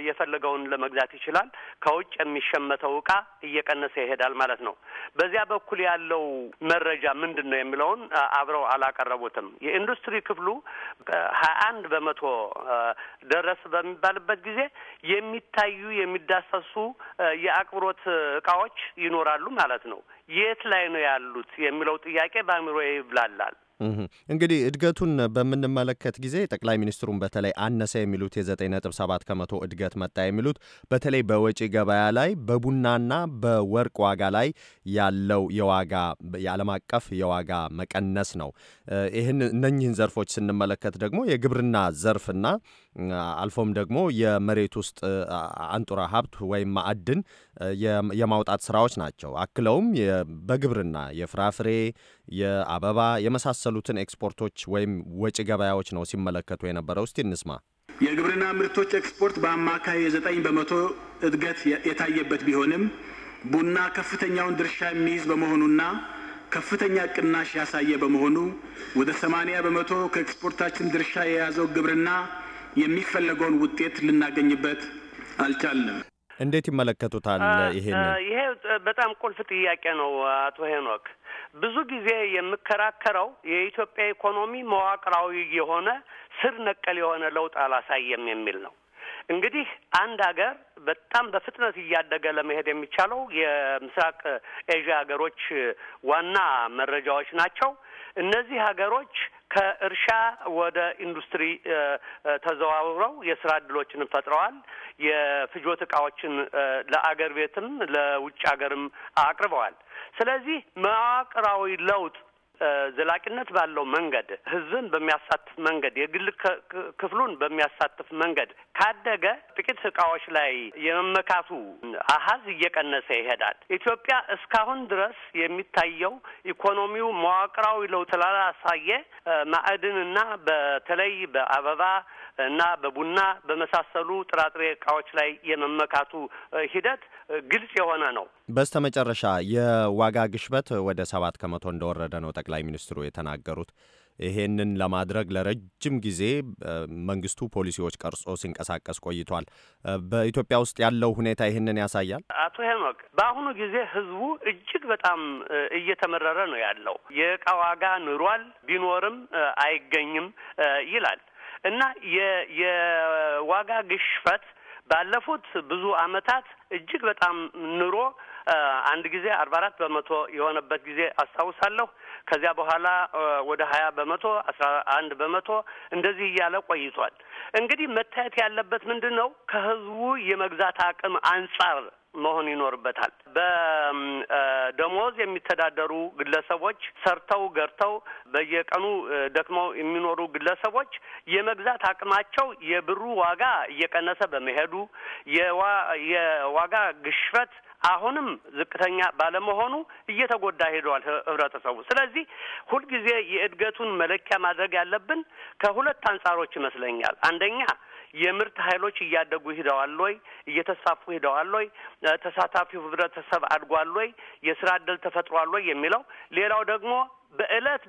[SPEAKER 14] የፈለገውን ለመግዛት ይችላል። ከውጭ የሚሸመተው እቃ እየቀነሰ ይሄዳል ማለት ነው። በዚያ በኩል ያለው መረጃ ምንድን ነው የሚለውን አብረው አላቀረቡትም። የኢንዱስትሪ ክፍሉ ሀያ አንድ በመቶ ደረስ በሚባልበት ጊዜ የሚታዩ የሚዳሰሱ የአቅርቦት እቃዎች ሁኔታዎች ይኖራሉ ማለት ነው። የት ላይ ነው ያሉት የሚለው ጥያቄ በአእምሮ ይብላላል።
[SPEAKER 7] እንግዲህ እድገቱን በምንመለከት ጊዜ ጠቅላይ ሚኒስትሩን በተለይ አነሰ የሚሉት የ9.7 ከመቶ እድገት መጣ የሚሉት በተለይ በወጪ ገበያ ላይ በቡናና በወርቅ ዋጋ ላይ ያለው የዋጋ የዓለም አቀፍ የዋጋ መቀነስ ነው። ይህን እነኚህን ዘርፎች ስንመለከት ደግሞ የግብርና ዘርፍና አልፎም ደግሞ የመሬት ውስጥ አንጡራ ሀብት ወይም ማዕድን የማውጣት ስራዎች ናቸው። አክለውም በግብርና የፍራፍሬ የአበባ የመሳሰሉትን ኤክስፖርቶች ወይም ወጪ ገበያዎች ነው ሲመለከቱ የነበረው። እስቲ እንስማ።
[SPEAKER 6] የግብርና ምርቶች ኤክስፖርት በአማካይ የዘጠኝ በመቶ እድገት የታየበት ቢሆንም ቡና ከፍተኛውን ድርሻ የሚይዝ በመሆኑና ከፍተኛ ቅናሽ ያሳየ በመሆኑ ወደ ሰማንያ በመቶ ከኤክስፖርታችን ድርሻ የያዘው ግብርና የሚፈለገውን ውጤት ልናገኝበት አልቻልንም።
[SPEAKER 7] እንዴት ይመለከቱታል? ይሄ
[SPEAKER 6] ይሄ በጣም ቁልፍ ጥያቄ ነው አቶ
[SPEAKER 14] ሄኖክ። ብዙ ጊዜ የምከራከረው የኢትዮጵያ ኢኮኖሚ መዋቅራዊ የሆነ ስር ነቀል የሆነ ለውጥ አላሳየም የሚል ነው። እንግዲህ አንድ ሀገር በጣም በፍጥነት እያደገ ለመሄድ የሚቻለው የምስራቅ ኤዥያ ሀገሮች ዋና መረጃዎች ናቸው። እነዚህ ሀገሮች ከእርሻ ወደ ኢንዱስትሪ ተዘዋውረው የስራ እድሎችን ፈጥረዋል። የፍጆት እቃዎችን ለአገር ቤትም ለውጭ ሀገርም አቅርበዋል። ስለዚህ መዋቅራዊ ለውጥ ዘላቂነት ባለው መንገድ ህዝብን በሚያሳትፍ መንገድ የግል ክፍሉን በሚያሳትፍ መንገድ ካደገ ጥቂት እቃዎች ላይ የመመካቱ አሀዝ እየቀነሰ ይሄዳል። ኢትዮጵያ እስካሁን ድረስ የሚታየው ኢኮኖሚው መዋቅራዊ ለውጥ ላላሳየ ማዕድንና በተለይ በአበባ እና በቡና በመሳሰሉ ጥራጥሬ እቃዎች ላይ የመመካቱ ሂደት ግልጽ የሆነ ነው።
[SPEAKER 7] በስተመጨረሻ የዋጋ ግሽበት ወደ ሰባት ከመቶ እንደወረደ ነው ጠቅላይ ሚኒስትሩ የተናገሩት። ይሄንን ለማድረግ ለረጅም ጊዜ መንግስቱ ፖሊሲዎች ቀርጾ ሲንቀሳቀስ ቆይቷል። በኢትዮጵያ ውስጥ ያለው ሁኔታ ይህንን ያሳያል።
[SPEAKER 14] አቶ ሄኖክ፣ በአሁኑ ጊዜ ህዝቡ እጅግ በጣም እየተመረረ ነው ያለው። የእቃ ዋጋ ኑሯል፣ ቢኖርም አይገኝም ይላል እና የዋጋ ግሽበት ባለፉት ብዙ አመታት እጅግ በጣም ኑሮ አንድ ጊዜ አርባ አራት በመቶ የሆነበት ጊዜ አስታውሳለሁ። ከዚያ በኋላ ወደ ሀያ በመቶ አስራ አንድ በመቶ እንደዚህ እያለ ቆይቷል። እንግዲህ መታየት ያለበት ምንድን ነው? ከህዝቡ የመግዛት አቅም አንጻር መሆን ይኖርበታል። በደሞዝ የሚተዳደሩ ግለሰቦች ሰርተው ገርተው በየቀኑ ደክመው የሚኖሩ ግለሰቦች የመግዛት አቅማቸው የብሩ ዋጋ እየቀነሰ በመሄዱ የዋጋ ግሽበት አሁንም ዝቅተኛ ባለመሆኑ እየተጎዳ ሄደዋል ህብረተሰቡ። ስለዚህ ሁልጊዜ የእድገቱን መለኪያ ማድረግ ያለብን ከሁለት አንጻሮች ይመስለኛል። አንደኛ የምርት ኃይሎች እያደጉ ሂደዋል ወይ? እየተስፋፉ ሂደዋል ወይ? ተሳታፊው ህብረተሰብ አድጓል ወይ? የስራ እድል ተፈጥሯል ወይ? የሚለው ሌላው ደግሞ በእለት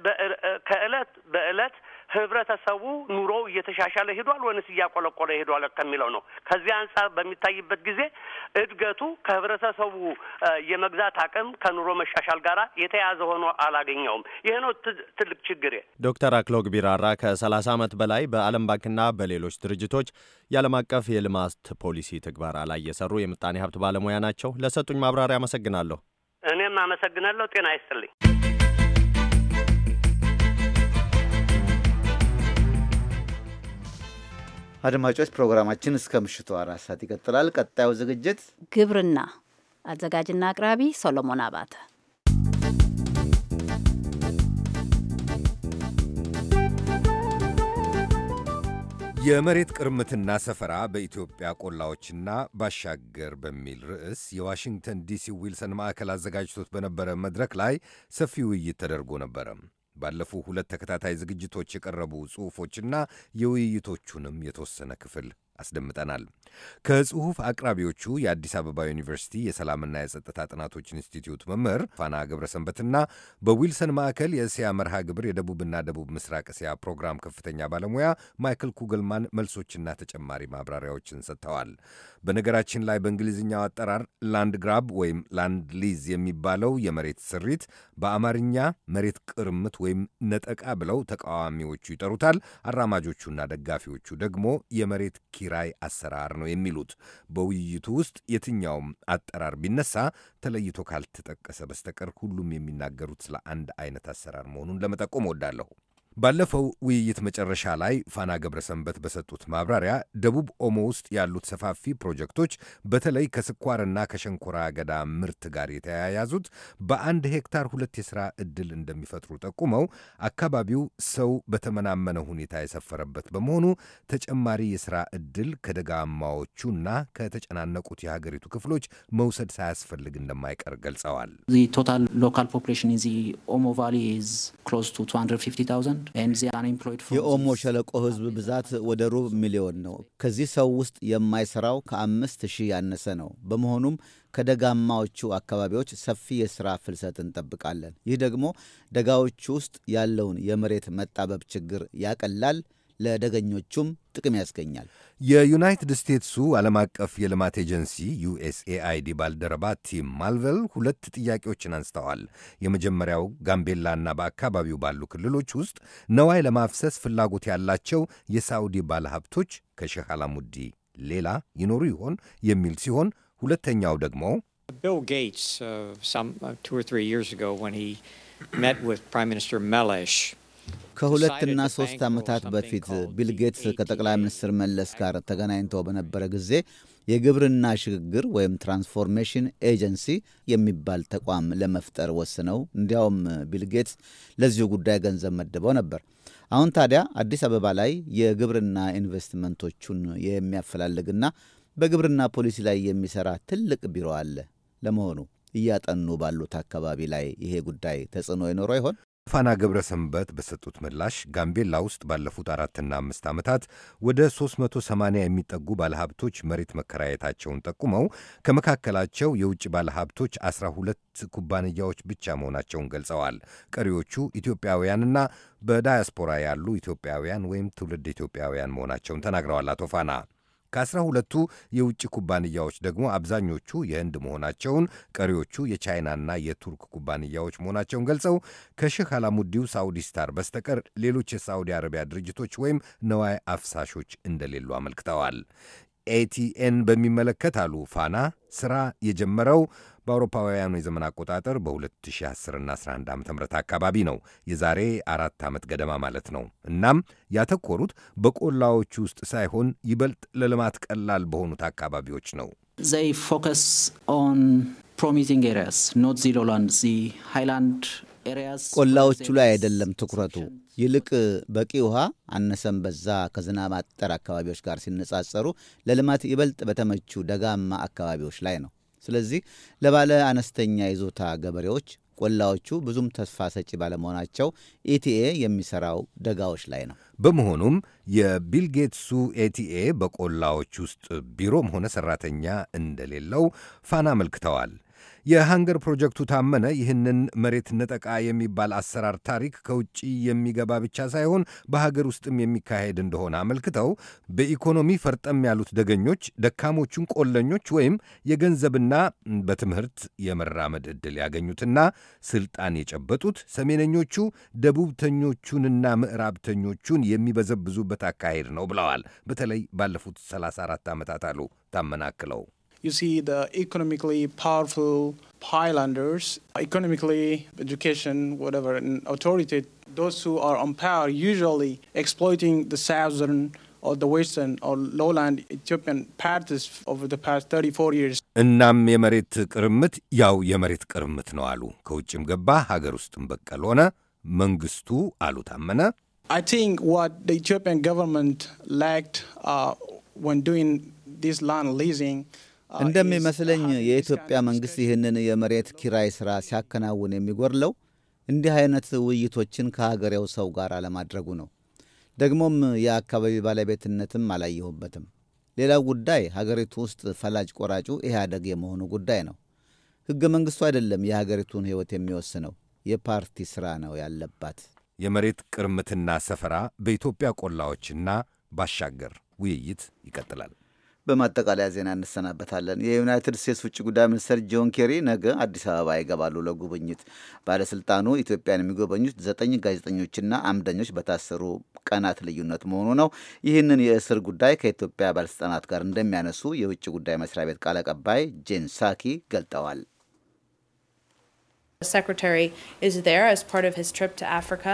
[SPEAKER 14] ከእለት በእለት ህብረተሰቡ ኑሮው እየተሻሻለ ሄዷል ወይንስ እያቆለቆለ ሄዷል ከሚለው ነው። ከዚህ አንጻር በሚታይበት ጊዜ እድገቱ ከህብረተሰቡ የመግዛት አቅም ከኑሮ መሻሻል ጋር የተያያዘ ሆኖ አላገኘውም። ይህ ነው ትልቅ ችግር።
[SPEAKER 7] ዶክተር አክሎግ ቢራራ ከሰላሳ ዓመት በላይ በዓለም ባንክና በሌሎች ድርጅቶች የዓለም አቀፍ የልማት ፖሊሲ ትግበራ ላይ የሰሩ የምጣኔ ሀብት ባለሙያ ናቸው። ለሰጡኝ ማብራሪያ አመሰግናለሁ።
[SPEAKER 14] እኔም አመሰግናለሁ። ጤና
[SPEAKER 10] ይስጥልኝ።
[SPEAKER 1] አድማጮች ፕሮግራማችን እስከ ምሽቱ አራት ሰዓት ይቀጥላል። ቀጣዩ ዝግጅት
[SPEAKER 2] ግብርና፣ አዘጋጅና አቅራቢ ሶሎሞን አባተ።
[SPEAKER 12] የመሬት ቅርምትና ሰፈራ በኢትዮጵያ ቆላዎችና ባሻገር በሚል ርዕስ የዋሽንግተን ዲሲ ዊልሰን ማዕከል አዘጋጅቶት በነበረ መድረክ ላይ ሰፊ ውይይት ተደርጎ ነበረ። ባለፉ ሁለት ተከታታይ ዝግጅቶች የቀረቡ ጽሑፎችና የውይይቶቹንም የተወሰነ ክፍል አስደምጠናል። ከጽሑፍ አቅራቢዎቹ የአዲስ አበባ ዩኒቨርሲቲ የሰላምና የጸጥታ ጥናቶች ኢንስቲትዩት መምህር ፋና ገብረሰንበትና በዊልሰን ማዕከል የእስያ መርሃ ግብር የደቡብና ደቡብ ምስራቅ እስያ ፕሮግራም ከፍተኛ ባለሙያ ማይክል ኩግልማን መልሶችና ተጨማሪ ማብራሪያዎችን ሰጥተዋል። በነገራችን ላይ በእንግሊዝኛው አጠራር ላንድ ግራብ ወይም ላንድ ሊዝ የሚባለው የመሬት ስሪት በአማርኛ መሬት ቅርምት ወይም ነጠቃ ብለው ተቃዋሚዎቹ ይጠሩታል። አራማጆቹና ደጋፊዎቹ ደግሞ የመሬት ኪራይ አሰራር ነው የሚሉት። በውይይቱ ውስጥ የትኛውም አጠራር ቢነሳ ተለይቶ ካልተጠቀሰ በስተቀር ሁሉም የሚናገሩት ስለ አንድ አይነት አሰራር መሆኑን ለመጠቆም እወዳለሁ። ባለፈው ውይይት መጨረሻ ላይ ፋና ገብረሰንበት በሰጡት ማብራሪያ ደቡብ ኦሞ ውስጥ ያሉት ሰፋፊ ፕሮጀክቶች በተለይ ከስኳርና ከሸንኮራ አገዳ ምርት ጋር የተያያዙት በአንድ ሄክታር ሁለት የሥራ ዕድል እንደሚፈጥሩ ጠቁመው አካባቢው ሰው በተመናመነ ሁኔታ የሰፈረበት በመሆኑ ተጨማሪ የሥራ ዕድል ከደጋማዎቹና ከተጨናነቁት የሀገሪቱ ክፍሎች መውሰድ ሳያስፈልግ እንደማይቀር ገልጸዋል።
[SPEAKER 1] ቶታል ሎካል ፖፑሌሽን ኦሞ ቫሊ ክሎዝ ቱ የኦሞ ሸለቆ ህዝብ ብዛት ወደ ሩብ ሚሊዮን ነው። ከዚህ ሰው ውስጥ የማይሰራው ከአምስት ሺህ ያነሰ ነው። በመሆኑም ከደጋማዎቹ አካባቢዎች ሰፊ የሥራ ፍልሰት እንጠብቃለን። ይህ ደግሞ ደጋዎቹ ውስጥ ያለውን የመሬት መጣበብ ችግር ያቀላል
[SPEAKER 12] ለደገኞቹም ጥቅም ያስገኛል። የዩናይትድ ስቴትሱ ዓለም አቀፍ የልማት ኤጀንሲ ዩኤስኤአይዲ ባልደረባ ቲም ማልቨል ሁለት ጥያቄዎችን አንስተዋል። የመጀመሪያው ጋምቤላና በአካባቢው ባሉ ክልሎች ውስጥ ነዋይ ለማፍሰስ ፍላጎት ያላቸው የሳዑዲ ባለሀብቶች ከሼህ አላሙዲ ሌላ ይኖሩ ይሆን የሚል ሲሆን ሁለተኛው ደግሞ
[SPEAKER 5] ቢል ጌትስ ከሁለትና ሶስት
[SPEAKER 12] ዓመታት በፊት
[SPEAKER 1] ቢል ጌትስ ከጠቅላይ ሚኒስትር መለስ ጋር ተገናኝተው በነበረ ጊዜ የግብርና ሽግግር ወይም ትራንስፎርሜሽን ኤጀንሲ የሚባል ተቋም ለመፍጠር ወስነው እንዲያውም ቢል ጌትስ ለዚሁ ጉዳይ ገንዘብ መድበው ነበር። አሁን ታዲያ አዲስ አበባ ላይ የግብርና ኢንቨስትመንቶቹን የሚያፈላልግና በግብርና ፖሊሲ ላይ የሚሰራ ትልቅ ቢሮ አለ። ለመሆኑ እያጠኑ ባሉት አካባቢ ላይ ይሄ ጉዳይ
[SPEAKER 12] ተጽዕኖ ይኖረው ይሆን? ፋና ገብረ ሰንበት በሰጡት ምላሽ ጋምቤላ ውስጥ ባለፉት አራትና አምስት ዓመታት ወደ 380 የሚጠጉ ባለሀብቶች መሬት መከራየታቸውን ጠቁመው ከመካከላቸው የውጭ ባለሀብቶች 12 ኩባንያዎች ብቻ መሆናቸውን ገልጸዋል። ቀሪዎቹ ኢትዮጵያውያንና በዳያስፖራ ያሉ ኢትዮጵያውያን ወይም ትውልድ ኢትዮጵያውያን መሆናቸውን ተናግረዋል። አቶ ፋና ከአስራ ሁለቱ የውጭ ኩባንያዎች ደግሞ አብዛኞቹ የህንድ መሆናቸውን፣ ቀሪዎቹ የቻይናና የቱርክ ኩባንያዎች መሆናቸውን ገልጸው ከሼህ አላሙዲው ሳዑዲ ስታር በስተቀር ሌሎች የሳዑዲ አረቢያ ድርጅቶች ወይም ነዋይ አፍሳሾች እንደሌሉ አመልክተዋል። ኤቲኤን በሚመለከት አሉ ፋና ስራ የጀመረው በአውሮፓውያኑ የዘመን አቆጣጠር በ2010ና 11 ዓ ም አካባቢ ነው። የዛሬ አራት ዓመት ገደማ ማለት ነው። እናም ያተኮሩት በቆላዎች ውስጥ ሳይሆን ይበልጥ ለልማት ቀላል በሆኑት አካባቢዎች ነው። ፎከስ ኦን ፕሮሚሲንግ ኤሪያስ ኖት ዚሎላንድ ሃይላንድ
[SPEAKER 1] ቆላዎቹ ላይ አይደለም ትኩረቱ፣ ይልቅ በቂ ውሃ አነሰም በዛ ከዝናብ አጠር አካባቢዎች ጋር ሲነጻጸሩ ለልማት ይበልጥ በተመቹ ደጋማ አካባቢዎች ላይ ነው። ስለዚህ ለባለ አነስተኛ ይዞታ ገበሬዎች ቆላዎቹ ብዙም ተስፋ ሰጪ ባለመሆናቸው ኤቲኤ የሚሰራው ደጋዎች ላይ ነው። በመሆኑም
[SPEAKER 12] የቢልጌትሱ ኤቲኤ በቆላዎች ውስጥ ቢሮም ሆነ ሠራተኛ እንደሌለው ፋና አመልክተዋል። የሃንገር ፕሮጀክቱ ታመነ ይህንን መሬት ነጠቃ የሚባል አሰራር ታሪክ ከውጭ የሚገባ ብቻ ሳይሆን በሀገር ውስጥም የሚካሄድ እንደሆነ አመልክተው በኢኮኖሚ ፈርጠም ያሉት ደገኞች ደካሞቹን ቆለኞች ወይም የገንዘብና በትምህርት የመራመድ ዕድል ያገኙትና ስልጣን የጨበጡት ሰሜነኞቹ ደቡብተኞቹንና ምዕራብተኞቹን የሚበዘብዙበት አካሄድ ነው ብለዋል። በተለይ ባለፉት 34 ዓመታት አሉ ታመናክለው
[SPEAKER 3] you see the economically powerful highlanders, economically, education, whatever, and authority, those who are on power usually exploiting the southern or the western or lowland Ethiopian parties over the past 34
[SPEAKER 4] years.
[SPEAKER 12] እናም የመሬት ቅርምት ያው የመሬት ቅርምት ነው አሉ። ከውጭም ገባ ሀገር ውስጥም በቀል ሆነ። መንግስቱ አሉ ታመነ I think what the Ethiopian government lacked uh, when doing this land leasing
[SPEAKER 1] እንደሚመስለኝ የኢትዮጵያ መንግሥት ይህንን የመሬት ኪራይ ሥራ ሲያከናውን የሚጎድለው እንዲህ አይነት ውይይቶችን ከአገሬው ሰው ጋር አለማድረጉ ነው። ደግሞም የአካባቢ ባለቤትነትም አላየሁበትም። ሌላው ጉዳይ ሀገሪቱ ውስጥ ፈላጭ ቆራጩ ኢህአደግ የመሆኑ ጉዳይ ነው። ሕገ መንግሥቱ አይደለም የሀገሪቱን ሕይወት የሚወስነው፣ የፓርቲ ሥራ ነው ያለባት።
[SPEAKER 12] የመሬት ቅርምትና ሰፈራ በኢትዮጵያ ቆላዎችና ባሻገር ውይይት
[SPEAKER 1] ይቀጥላል። በማጠቃለያ ዜና እንሰናበታለን። የዩናይትድ ስቴትስ ውጭ ጉዳይ ሚኒስትር ጆን ኬሪ ነገ አዲስ አበባ ይገባሉ ለጉብኝት። ባለስልጣኑ ኢትዮጵያን የሚጎበኙት ዘጠኝ ጋዜጠኞችና አምደኞች በታሰሩ ቀናት ልዩነት መሆኑ ነው። ይህንን የእስር ጉዳይ ከኢትዮጵያ ባለስልጣናት ጋር እንደሚያነሱ የውጭ ጉዳይ መስሪያ ቤት ቃል አቀባይ ጄን ሳኪ ገልጠዋል።
[SPEAKER 4] secretary is there as part of his trip to Africa.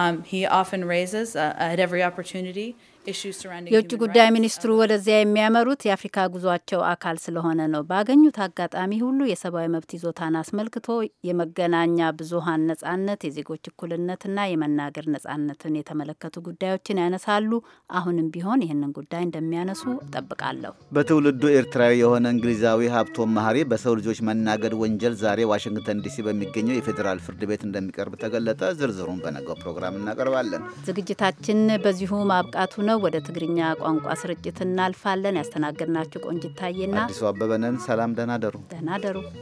[SPEAKER 4] Um, he often raises uh, at every opportunity የውጭ ጉዳይ ሚኒስትሩ
[SPEAKER 2] um, ወደዚያ የሚያመሩት የአፍሪካ ጉዟቸው አካል ስለሆነ ነው። ባገኙት አጋጣሚ ሁሉ የሰብአዊ መብት ይዞታን አስመልክቶ የመገናኛ ብዙሀን ነጻነት፣ የዜጎች እኩልነትና የመናገር ነጻነትን የተመለከቱ ጉዳዮችን ያነሳሉ። አሁንም ቢሆን ይህንን ጉዳይ እንደሚያነሱ እጠብቃለሁ።
[SPEAKER 1] በትውልዱ ኤርትራዊ የሆነ እንግሊዛዊ ሀብቶም መሀሪ በሰው ልጆች መናገድ ወንጀል ዛሬ ዋሽንግተን ዲሲ በሚገኘው የፌዴራል ፍርድ ቤት እንደሚቀርብ ተገለጠ። ዝርዝሩን በነገው ፕሮግራም እናቀርባለን።
[SPEAKER 2] ዝግጅታችን በዚሁ ማብቃቱ ነው። ነው። ወደ ትግርኛ ቋንቋ ስርጭት እናልፋለን። ያስተናገድናችሁ ቆንጅት ታዬና አዲሱ
[SPEAKER 1] አበበ ነን። ሰላም፣ ደህና ደሩ።
[SPEAKER 2] ደህና ደሩ።